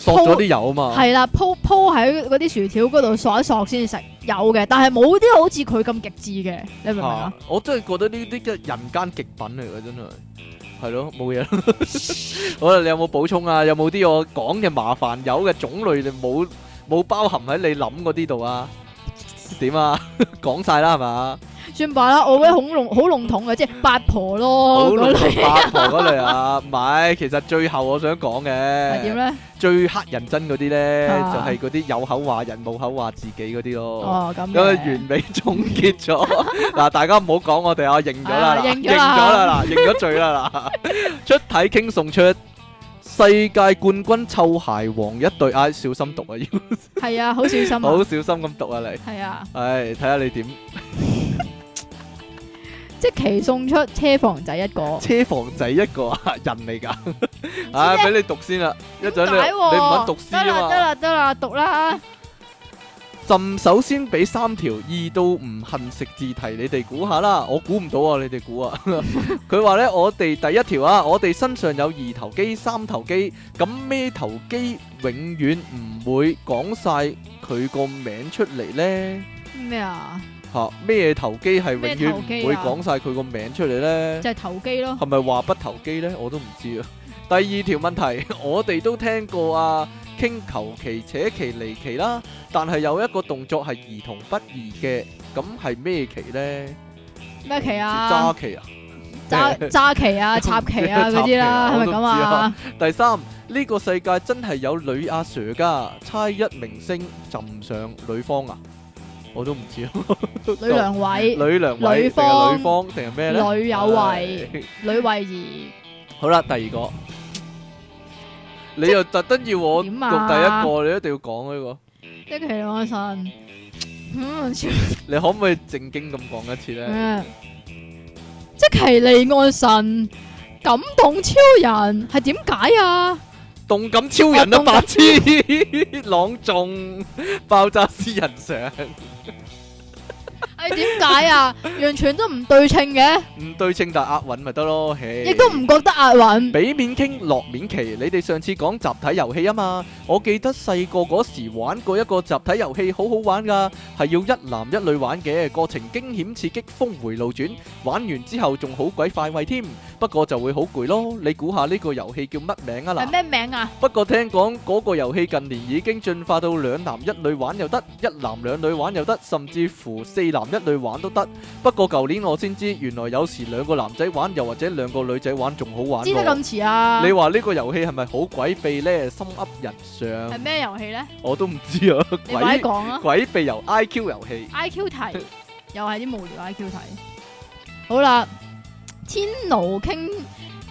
嗦咗啲油啊嘛，係啦，鋪鋪喺嗰啲薯條嗰度嗦一嗦先食，有嘅，但係冇啲好似佢咁極致嘅，你明唔明啊？啊，我真係覺得呢啲嘅人間極品嚟嘅，真係係咯，冇嘢。 好啦，你有冇補充啊？有冇啲我講嘅麻煩友嘅種類你，你冇冇包含喺你諗嗰啲度啊？點啊？講晒啦，係嘛？算罷啦，我覺得好籠好籠統嘅，即係八婆咯，八婆嗰類啊，唔係，其實最後我想講嘅點咧？最乞人憎嗰啲咧，就係嗰啲有口話人，冇口話自己嗰啲咯。哦，咁咁完美總結咗。嗱，大家唔好講我哋啊，認咗啦，認咗啦，嗱，認咗罪啦，嗱，出體傾送出。世界冠軍臭鞋王一對 I、哎、小心讀啊要係啊好小心好、啊、 小心咁讀啊你係啊唉睇下你點 即係奇送出車房仔一個車房仔一個 人嚟噶啊俾你讀先，讀先啦一仔你你唔讀書啊得啦得啦得啦，啦讀啦朕首先俾三條，二到唔恨食字題，你哋估下啦，我估唔到啊，你哋估啊。佢 話呢，我哋第一條啊，我哋身上有二頭肌、三頭肌，咁咩頭肌永遠唔會講晒佢個名出嚟呢？咩啊？吓咩嘢頭肌係永遠唔會講晒佢個名出嚟呢？啊、就係頭肌咯。係咪話不投機呢？我都唔知啊。 第二條問題，我哋都聽過啊。傾求其且其離奇啦，但係有一個動作係兒童不宜嘅，咁係咩旗呢？咩旗啊？揸旗啊？揸揸旗啊？插旗啊？嗰啲啦，係咪咁啊？第三，呢個世界真係有女阿 Sir 噶，猜一明星就唔上女方啊？我都唔知。女梁偉，女梁，女方定係咩咧？女有偉，女慧儀。好啦，第二個。你又特登要我讀第一個，啊、你一定要講呢、這個。積淇離岸神， 你可唔可以正經咁講一次咧？ 積淇離岸神感動超人係點解啊動、哎？動感超人都發痴朗誦爆炸私人相。 係點解啊？完全都唔對稱嘅，唔對稱但押韻咪得咯，亦都唔覺得押韻。俾面傾落面奇，你哋上次講集體遊戲啊嘛，我記得細個嗰時玩過一個集體遊戲，好好玩噶，係要一男一女玩嘅，過程驚險刺激，峰回路轉，玩完之後仲好鬼快慰添。不過就會好攰咯，你估下呢個遊戲叫乜名啊？嗱，係咩名啊？不過聽講嗰個遊戲近年已經進化到兩男一女玩又得，一男兩女玩又得，甚至乎四男一女玩都得。不過舊年我先知，原來有時兩個男仔玩又或者兩個女仔玩仲好玩。知得咁遲啊？你話呢個遊戲係咪好鬼秘呢？心噏人上，係咩遊戲呢？我都唔知啊，鬼鬼秘遊 I Q 遊戲 I Q 題，又係啲無聊 I Q 題。好啦。天奴傾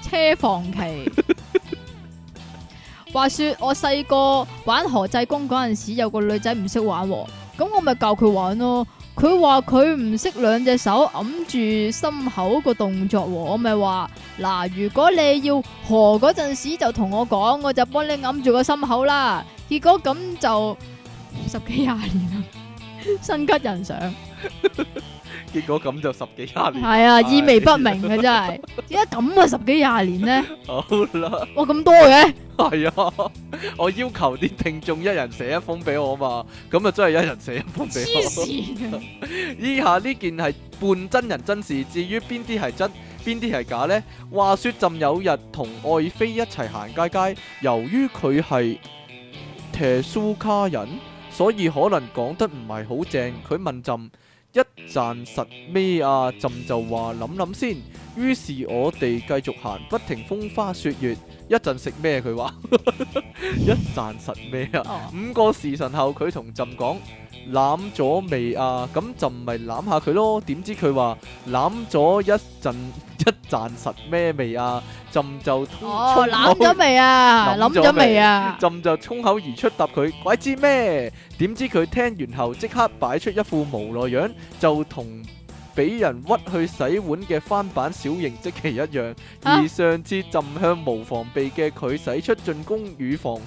車房旗。 話說我細個玩何濟公嗰陣時，有個女仔唔識玩，哦，咁我咪教佢玩咯，哦。佢話佢唔識兩隻手揞住心口個動作，哦，我咪話嗱，如果你要何嗰陣時就同我講，我就幫你揞住個心口啦。結果咁就十幾廿年啦，身骨人上。 結果咁就十幾廿年，係啊，啊意味不明啊，真係，點解咁啊？十幾廿年呢？ 好啦，哇，咁多嘅，係 啊，我要求啲聽眾一人寫一封俾我嘛，咁啊，真係一人寫一封俾我。痴線啊！依 下呢件係半真人真事，至於邊啲係真，邊啲係假呢？話說朕有日同愛妃一齊行街街，由於佢係提蘇卡人，所以可能講得唔係好正。佢問朕。一陣食咩啊？朕就話諗諗先。於是我哋繼續行，不停風花雪月。一陣食咩，佢話？一陣食咩啊？五個時辰後，佢同朕講，攬咗未啊？咁朕咪攬下佢咯？點知佢話攬咗一陣。一讚實咩味啊？朕就咗未啊？咗未啊？朕就衝口而出答佢，鬼知咩？點知佢聽完後即刻擺出一副無奈樣，就同俾人屈去洗碗嘅翻版小型積淇一樣。而上次朕向無防備嘅佢使出進攻與防、啊、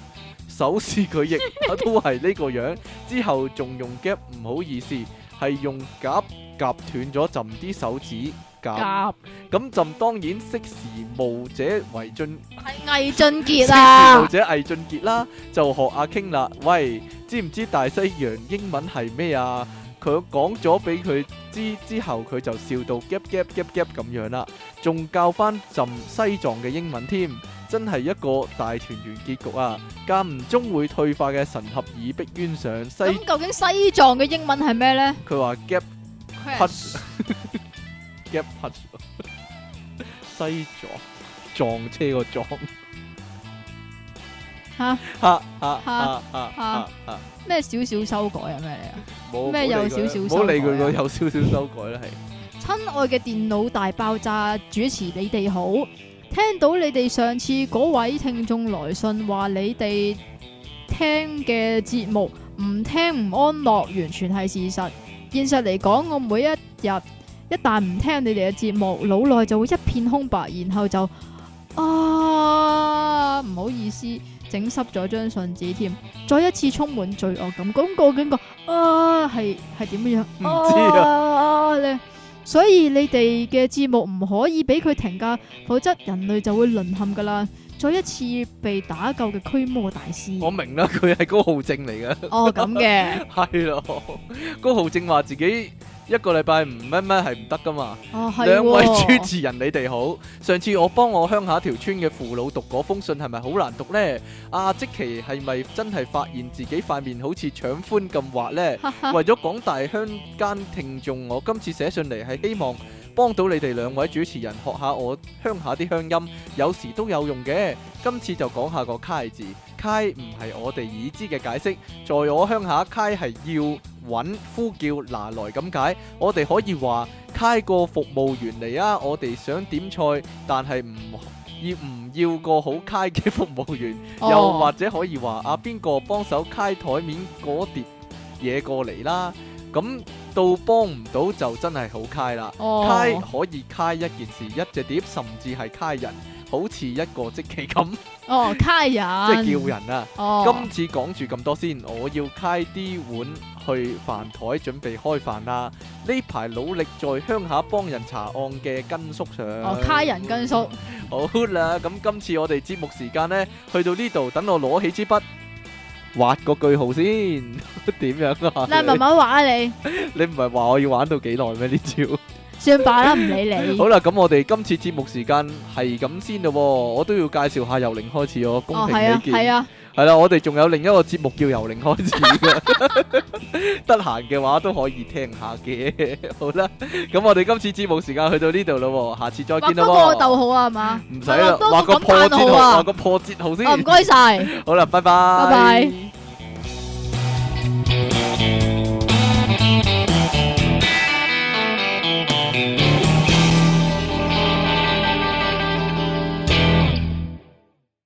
手時，佢亦都係呢個樣。 之後仲用夾唔好意思，係用夾夾斷咗朕啲手指。夾，咁朕當然識時務者為俊，係魏俊傑啊！識時務者魏俊傑啦，就學阿 King 啦。喂，知唔知大西洋英文係咩啊？佢講咗俾佢知之後，佢就笑到 gap gap gap gap 咁樣啦，仲教翻朕西藏嘅英文添，真係一個大團圓結局啊！間唔中會退化嘅神合以逼冤上西，咁究竟西藏嘅英文係咩呢？佢話 gap。一西藏撞車個撞咩少少修改係咩嚟啊？咩有少少，唔好理佢有少少修改啦、啊。係、啊、 親愛嘅電腦大爆炸主持你，你哋好，聽到你哋上次嗰位聽眾來信話你哋聽嘅節目唔聽唔安樂，完全係事實。現實嚟講，我每一日。一旦唔聽你哋嘅節目，腦內就會一片空白，然後就啊，唔好意思，整濕咗張信紙添，再一次充滿罪惡感，咁究竟個啊係係點樣？唔知啊咧、啊啊啊，所以你哋嘅節目唔可以俾佢停架否則人類就會淪陷噶啦，再一次被打救嘅驅魔大師。我明啦，佢係高浩正嚟噶。哦，咁嘅係咯，高浩正話自己。一個禮拜唔乜乜係唔得噶嘛？兩、啊、位主持人，你哋好，啊、上次我幫我鄉下條村嘅父老讀嗰封信係咪好難讀呢？阿、啊、積淇，係咪真係發現自己塊面好似搶歡咁滑呢？ 為咗廣大鄉間聽眾，我今次寫信嚟係希望幫到你哋兩位主持人學下我鄉下啲鄉音，有時都有用嘅。今次就講下個「楷」字，「楷」唔係我哋已知嘅解釋，在我鄉下「楷」係要。揾呼叫拿來咁解，我哋可以話揩個服務員嚟啊！我哋想點菜，但係唔要唔要個好揩嘅服務員，哦、又或者可以話啊邊個幫手揩枱面嗰碟嘢過嚟啦？咁到幫唔到就真係好揩啦！揩、哦、可以揩一件事一隻碟，甚至係揩人，好似一個積淇咁哦。揩人即係 叫人啊！哦、今次講住咁多先，我要揩啲碗，去飯台準備開飯啦！呢排努力在鄉下幫人查案嘅根叔上哦，卡人根叔好啦！咁今次我哋節目時間呢，去到呢度，等我攞起支筆畫個句號先，點樣啊？你慢慢畫啊！你你唔係話我要玩到幾耐咩？呢招算罷啦，唔理你。好啦，咁我哋今次節目時間係咁先嘞，我都要介紹下由零開始我公平起見。係啦，我哋仲有另一個節目叫由零開始嘅， 得閒嘅話都可以聽下嘅。好啦，咁我哋今次節目時間去到呢度咯，下次再見啦。話個逗號啊，係嘛？唔使啦，話個破字號啊，話個破折號先。唔該晒。好啦，拜拜。拜拜。